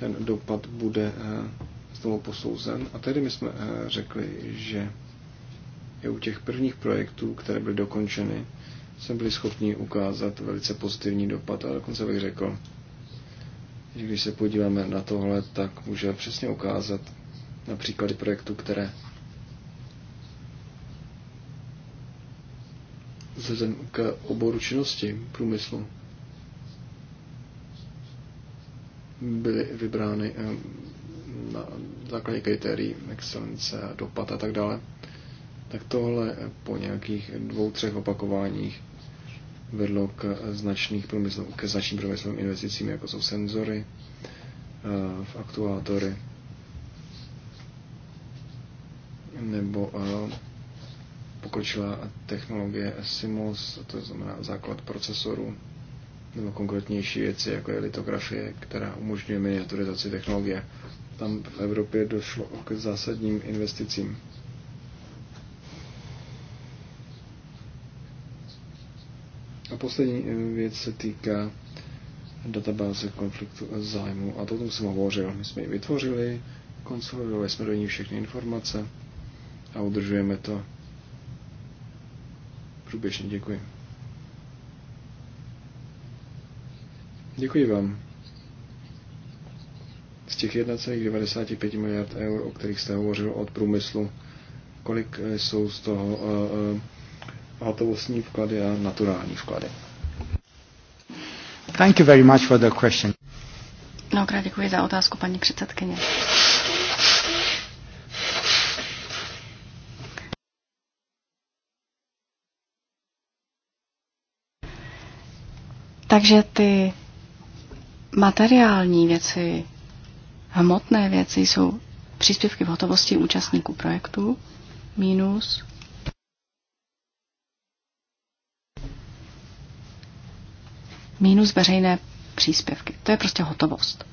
ten dopad bude eh, znovu posouzen. A tedy my jsme řekli, že i u těch prvních projektů, které byly dokončeny, jsme byli schopni ukázat velice pozitivní dopad a dokonce bych řekl, že když se podíváme na tohle, tak můžeme přesně ukázat na příklady projektů, které vzhledem k oboru činnosti průmyslu byly vybrány eh, na základě kritérií excelence, dopad a tak dále, tak tohle eh, po nějakých dvou, třech opakováních vedlo k, eh, značných značným průmyslovým investicím, jako jsou senzory, v aktuátory nebo pokročila technologie SIMOS, to znamená základ procesoru, nebo konkrétnější věci, jako je litografie, která umožňuje miniaturizaci technologie. Tam v Evropě došlo k zásadním investicím. A poslední eh, věc se týká databáze konfliktu zájmu. A to o tom jsem hovořil. My jsme ji vytvořili, konsolidovali jsme do ní všechny informace a udržujeme to průběžně. Děkuji. Děkuji vám. Z těch 1,95 miliard eur, o kterých jste hovořil od průmyslu, kolik eh, jsou z toho uh, uh, hotovostní vklady a naturální vklady? Thank you very much for the question. Mnohokrát děkuji za otázku, paní předsedkyně. Takže ty materiální věci, hmotné věci jsou příspěvky v hotovosti účastníků projektu minus minus veřejné příspěvky. To je prostě hotovost.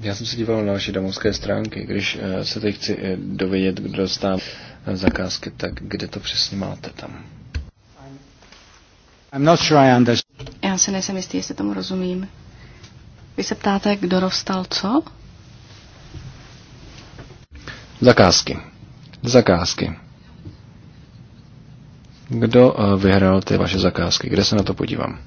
Já jsem se díval na vaše domovské stránky, když eh, se teď chci eh, dovědět, kdo dostává zakázky, tak kde to přesně máte tam? I'm not sure I Já se nejsem jistý, jestli tomu rozumím. Vy se ptáte, kdo rozstal co? Zakázky. Zakázky. Kdo eh, vyhrál ty vaše zakázky? Kde se na to podívám?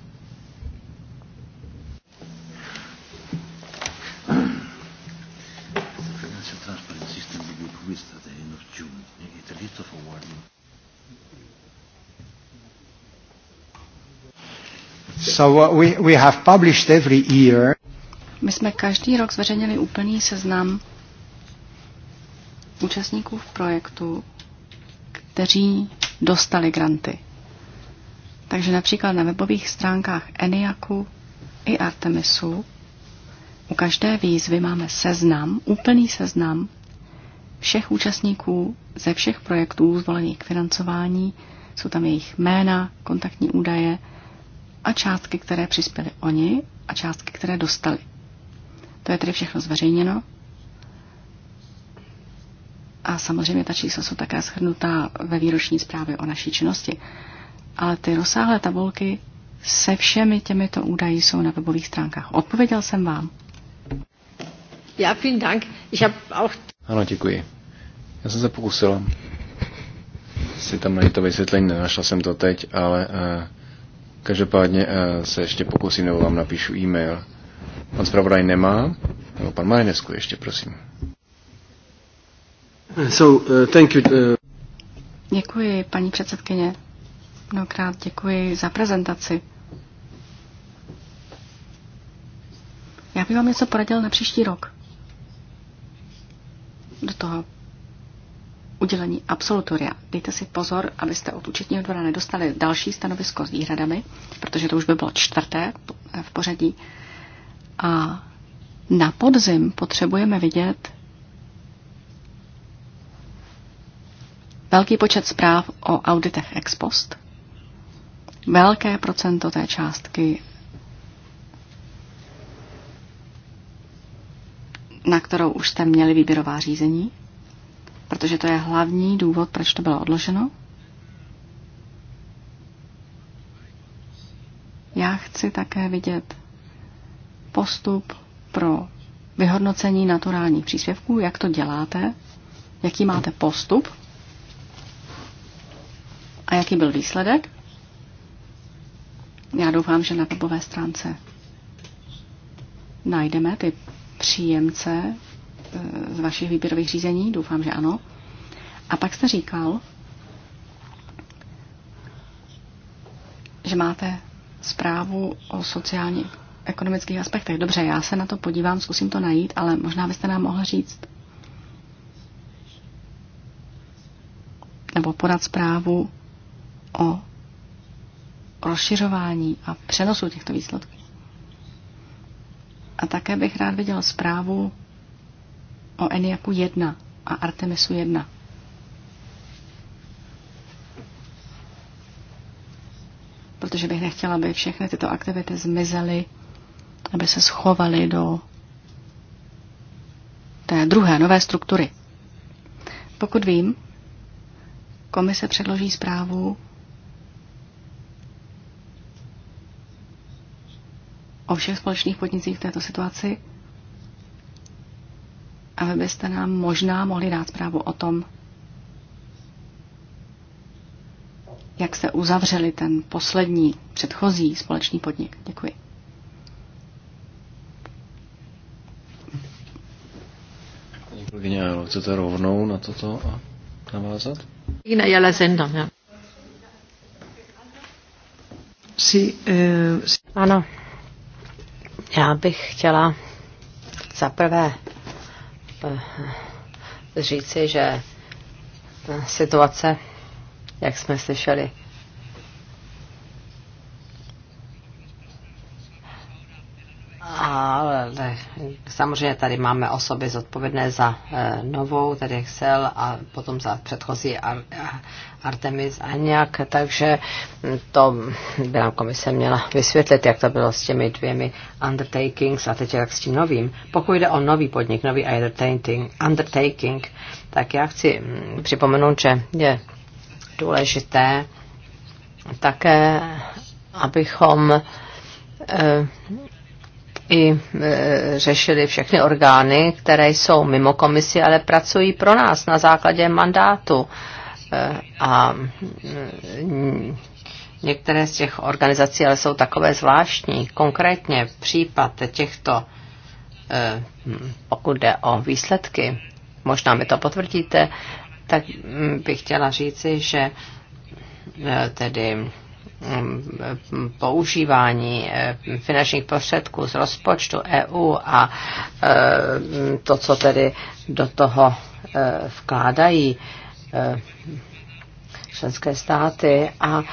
So we, we have published every year. My jsme každý rok zveřejnili úplný seznam účastníků v projektu, kteří dostali granty. Takže například na webových stránkách ENIACu i Artemisu u každé výzvy máme seznam, úplný seznam všech účastníků ze všech projektů zvolených k financování. Jsou tam jejich jména, kontaktní údaje, a částky, které přispěli oni a částky, které dostali. To je tedy všechno zveřejněno. A samozřejmě ta čísla jsou také shrnutá ve výroční zprávě o naší činnosti. Ale ty rozsáhlé tabulky se všemi těmito údaji jsou na webových stránkách. Odpověděl jsem vám. Já vielen Dank. Ich hab auch... Ano, děkuji. Já jsem se pokusila si tam najít to vysvětlení, nenašla jsem to teď, ale uh, Každopádně eh, se ještě pokusím nebo vám napíšu e-mail. Pan zpravodaj nemá, nebo pan Majnesku ještě, prosím. So, uh, thank you. Uh... Děkuji, paní předsedkyně. Mnohokrát děkuji za prezentaci. Já bych vám něco poradil na příští rok. Do toho udělení absolutoria. Dejte si pozor, abyste od účetního dvora nedostali další stanovisko s výhradami, protože to už by bylo čtvrté v pořadí. A na podzim potřebujeme vidět velký počet zpráv o auditech ex post, velké procento té částky, na kterou už jste měli výběrová řízení, protože to je hlavní důvod, proč to bylo odloženo. Já chci také vidět postup pro vyhodnocení naturálních příspěvků, jak to děláte, jaký máte postup a jaký byl výsledek. Já doufám, že na webové stránce najdeme ty příjemce z vašich výběrových řízení? Doufám, že ano. A pak jste říkal, že máte zprávu o sociálně ekonomických aspektech. Dobře, já se na to podívám, zkusím to najít, ale možná byste nám mohl říct, nebo podat zprávu o rozšiřování a přenosu těchto výsledků. A také bych rád viděl zprávu o Eniaku 1 a Artemisu 1. Protože bych nechtěla, aby všechny tyto aktivity zmizely, aby se schovaly do té druhé, nové struktury. Pokud vím, komise předloží zprávu o všech společných podnicích v této situaci a vy byste nám možná mohli dát zprávu o tom, jak se uzavřeli ten poslední, předchozí společný podnik. Děkuji. Kolegyně, chcete rovnou na toto a navázat? Jiná jela senda, ja. Si, Ano. Já bych chtěla za prvé Eh, říci, že eh, situace, jak jsme slyšeli, Ale samozřejmě tady máme osoby zodpovědné za e, novou, tedy Excel a potom za předchozí Artemis a nějak, takže to by nám komise měla vysvětlit, jak to bylo s těmi dvěmi undertakings a teď jak s tím novým. Pokud jde o nový podnik, nový undertaking, tak já chci mm, připomenout, že je důležité také, abychom e, i e, řešili všechny orgány, které jsou mimo komisi, ale pracují pro nás na základě mandátu. E, a mm, některé z těch organizací ale jsou takové zvláštní. Konkrétně případ těchto, e, pokud jde o výsledky, možná mi to potvrdíte, tak mm, bych chtěla říci, že tedy Mm, používání eh, finančních prostředků z rozpočtu EU a eh, to, co tedy do toho eh, vkládají členské státy a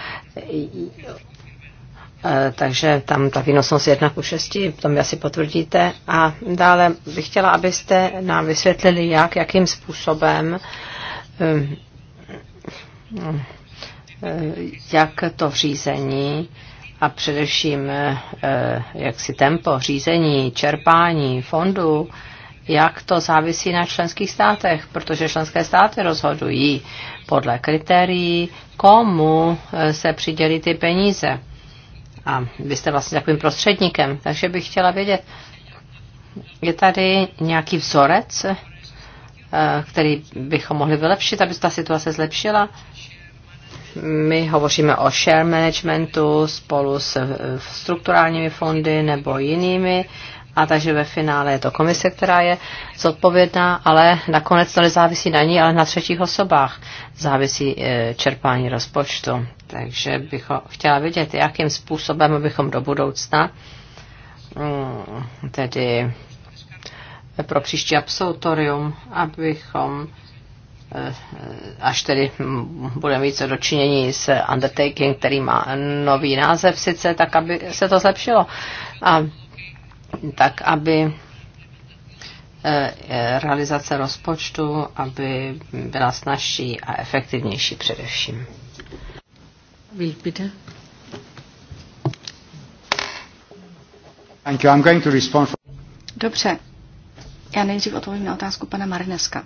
takže tam ta výnosnost 1 ku 6, to mi asi potvrdíte. A dále bych chtěla, abyste nám vysvětlili, jak, jakým způsobem jak to řízení a především eh, jak si tempo řízení, čerpání fondů, jak to závisí na členských státech, protože členské státy rozhodují podle kritérií, komu eh, se přidělí ty peníze. A vy jste vlastně takovým prostředníkem, takže bych chtěla vědět, je tady nějaký vzorec, eh, který bychom mohli vylepšit, aby se ta situace zlepšila? my hovoříme o share managementu spolu eh, s strukturálními fondy nebo jinými. A takže ve finále je to komise, která je zodpovědná, ale nakonec to nezávisí na ní, ale na třetích osobách závisí eh, čerpání rozpočtu. Takže bych chtěla vědět, jakým způsobem bychom do budoucna mm, tedy pro příští absolutorium, abychom až tedy bude mít co dočinění s Undertaking, který má nový název sice, tak aby se to zlepšilo. A tak, aby eh, realizace rozpočtu, aby byla snažší a efektivnější především. Dobře. Já nejdřív odpovím na otázku pana Marineska.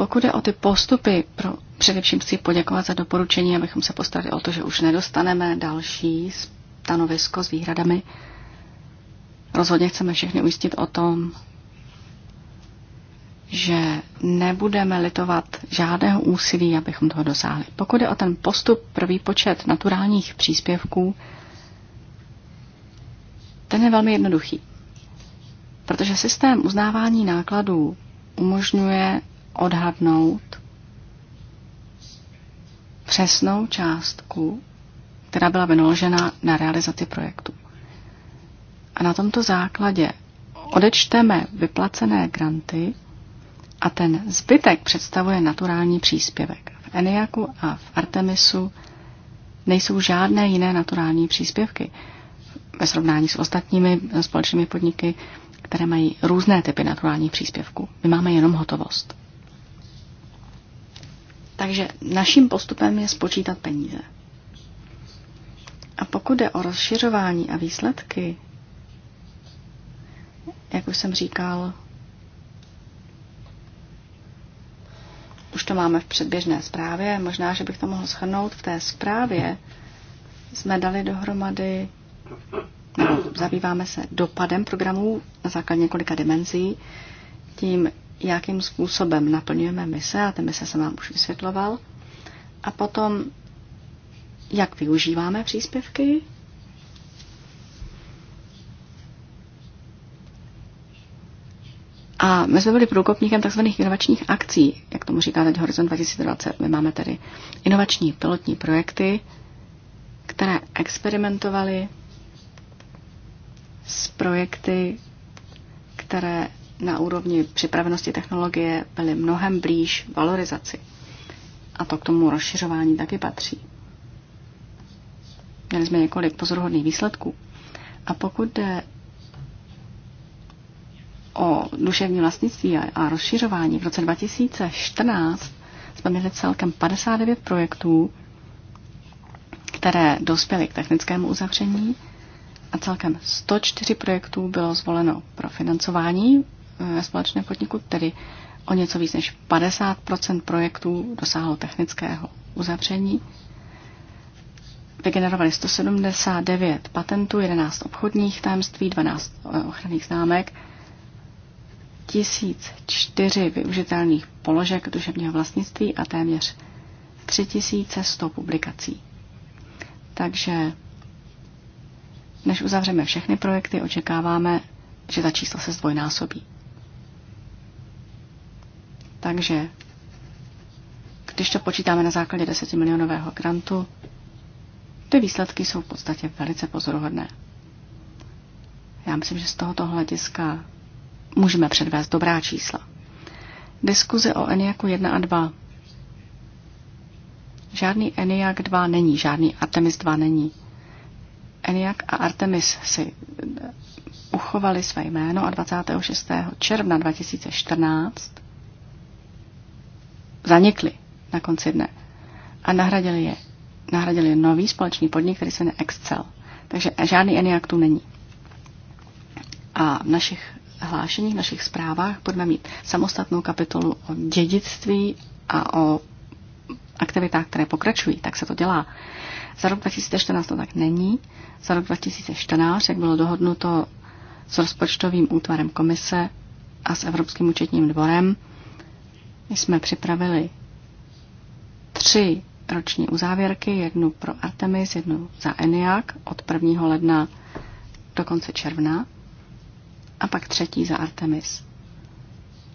Pokud je o ty postupy, pro, především chci poděkovat za doporučení, abychom se postarali o to, že už nedostaneme další stanovisko s výhradami. Rozhodně chceme všechny ujistit o tom, že nebudeme litovat žádného úsilí, abychom toho dosáhli. Pokud je o ten postup pro výpočet naturálních příspěvků, ten je velmi jednoduchý, protože systém uznávání nákladů umožňuje odhadnout přesnou částku, která byla vynaložena na realizaci projektu. A na tomto základě odečteme vyplacené granty a ten zbytek představuje naturální příspěvek. V Eniaku a v Artemisu nejsou žádné jiné naturální příspěvky ve srovnání s ostatními společnými podniky, které mají různé typy naturálních příspěvků. My máme jenom hotovost. Takže naším postupem je spočítat peníze. A pokud jde o rozšiřování a výsledky, jak už jsem říkal, už to máme v předběžné zprávě, možná, že bych to mohl shrnout. V té zprávě jsme dali dohromady, nebo zabýváme se dopadem programů na základě několika dimenzí, tím, jakým způsobem naplňujeme mise, a ty mise jsem vám už vysvětloval, a potom, jak využíváme příspěvky, A my jsme byli průkopníkem tzv. inovačních akcí, jak tomu říká teď Horizon 2020. My máme tedy inovační pilotní projekty, které experimentovaly s projekty, které na úrovni připravenosti technologie byly mnohem blíž valorizaci. A to k tomu rozšiřování taky patří. Měli jsme několik pozoruhodných výsledků. A pokud jde o duševní vlastnictví a rozšiřování, v roce 2014 jsme měli celkem 59 projektů, které dospěly k technickému uzavření a celkem 104 projektů bylo zvoleno pro financování ve eh, společném podniku, tedy o něco víc než 50 projektů dosáhlo technického uzavření. Vygenerovali 179 patentů, 11 obchodních tajemství, 12 eh, ochranných známek, 1004 využitelných položek duševního vlastnictví a téměř 3100 publikací. Takže než uzavřeme všechny projekty, očekáváme, že ta čísla se zdvojnásobí. Takže když to počítáme na základě 10 milionového grantu, ty výsledky jsou v podstatě velice pozoruhodné. Já myslím, že z tohoto hlediska můžeme předvést dobrá čísla. Diskuze o ENIACu 1 a 2. Žádný ENIAC 2 není, žádný Artemis 2 není. ENIAC a Artemis si eh, uchovali své jméno a 26. června 2014 zanikly na konci dne a nahradili je, nahradili je nový společný podnik, který se jmenuje Excel. Takže žádný ENIAC tu není. A v našich hlášeních, v našich zprávách budeme mít samostatnou kapitolu o dědictví a o aktivitách, které pokračují. Tak se to dělá. Za rok 2014 to tak není. Za rok 2014, jak bylo dohodnuto s rozpočtovým útvarem komise a s Evropským účetním dvorem, my jsme připravili tři roční uzávěrky, jednu pro Artemis, jednu za Eniak od 1. ledna do konce června a pak třetí za Artemis.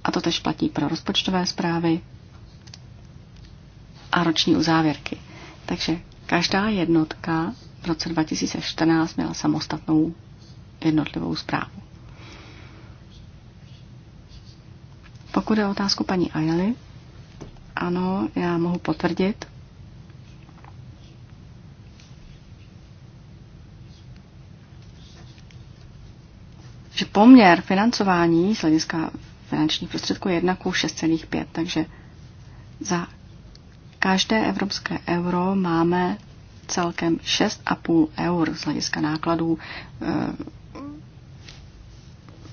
A to tež platí pro rozpočtové zprávy a roční uzávěrky. Takže každá jednotka v roce 2014 měla samostatnou jednotlivou zprávu. Pokud je otázku paní Ajely, ano, já mohu potvrdit, že poměr financování z hlediska finančních prostředků je 1 k 6,5, takže za každé evropské euro máme celkem 6,5 eur z hlediska nákladů eh,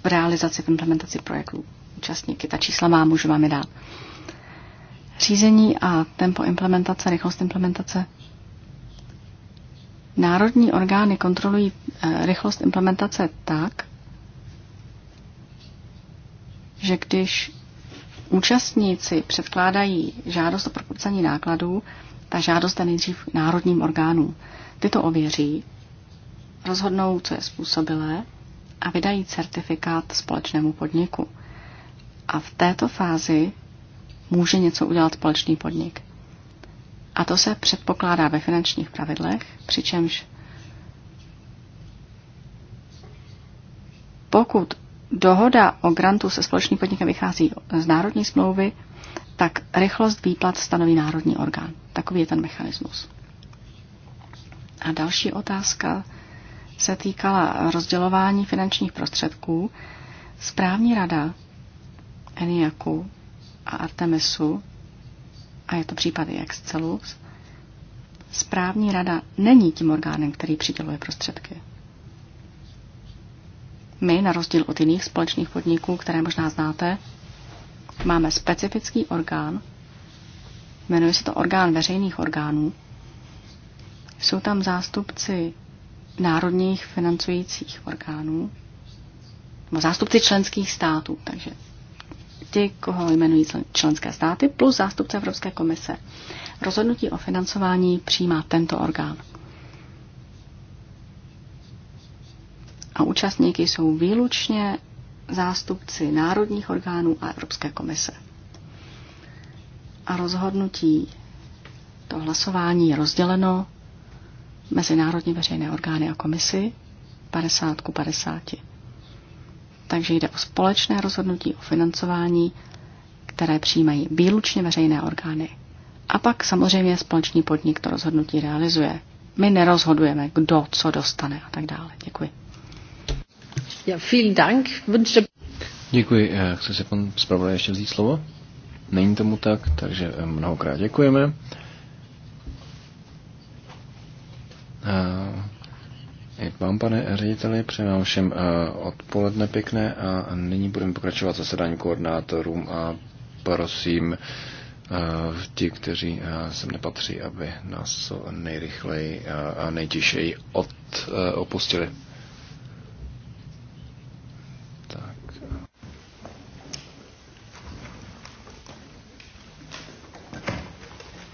v realizaci, v implementaci projektů účastníky. Ta čísla má, můžu vám je dát. Řízení a tempo implementace, rychlost implementace. Národní orgány kontrolují eh, rychlost implementace tak, že když účastníci předkládají žádost o propucení nákladů, ta žádost je nejdřív národním orgánům. Ty to ověří, rozhodnou, co je způsobilé a vydají certifikát společnému podniku. A v této fázi může něco udělat společný podnik. A to se předpokládá ve finančních pravidlech, přičemž pokud dohoda o grantu se společným podnikem vychází z národní smlouvy, tak rychlost výplat stanoví národní orgán. Takový je ten mechanismus. A další otázka se týkala rozdělování finančních prostředků. Správní rada Eniaku a Artemisu, a je to případ i Excelus, správní rada není tím orgánem, který přiděluje prostředky. My, na rozdíl od jiných společných podniků, které možná znáte, máme specifický orgán, jmenuje se to orgán veřejných orgánů. Jsou tam zástupci národních financujících orgánů, nebo zástupci členských států, takže ty, koho jmenují členské státy, plus zástupce Evropské komise. Rozhodnutí o financování přijímá tento orgán. A účastníky jsou výlučně zástupci národních orgánů a Evropské komise. A rozhodnutí, to hlasování je rozděleno mezi národní veřejné orgány a komisi 50 ku 50 takže jde o společné rozhodnutí o financování, které přijímají výlučně veřejné orgány. A pak samozřejmě společný podnik to rozhodnutí realizuje. My nerozhodujeme, kdo co dostane a tak dále. Děkuji. Ja, vielen Dank. Wünsche... Děkuji. Eh, chce se pan zpravodaj ještě vzít slovo? Není tomu tak, takže eh, mnohokrát děkujeme. Eh, i vám, pane řediteli, přeji vám všem eh, odpoledne pěkné a nyní budeme pokračovat zasedáním koordinátorům a prosím eh, ti, kteří eh, sem nepatří, aby nás co nejrychleji a nejtišeji od, opustili.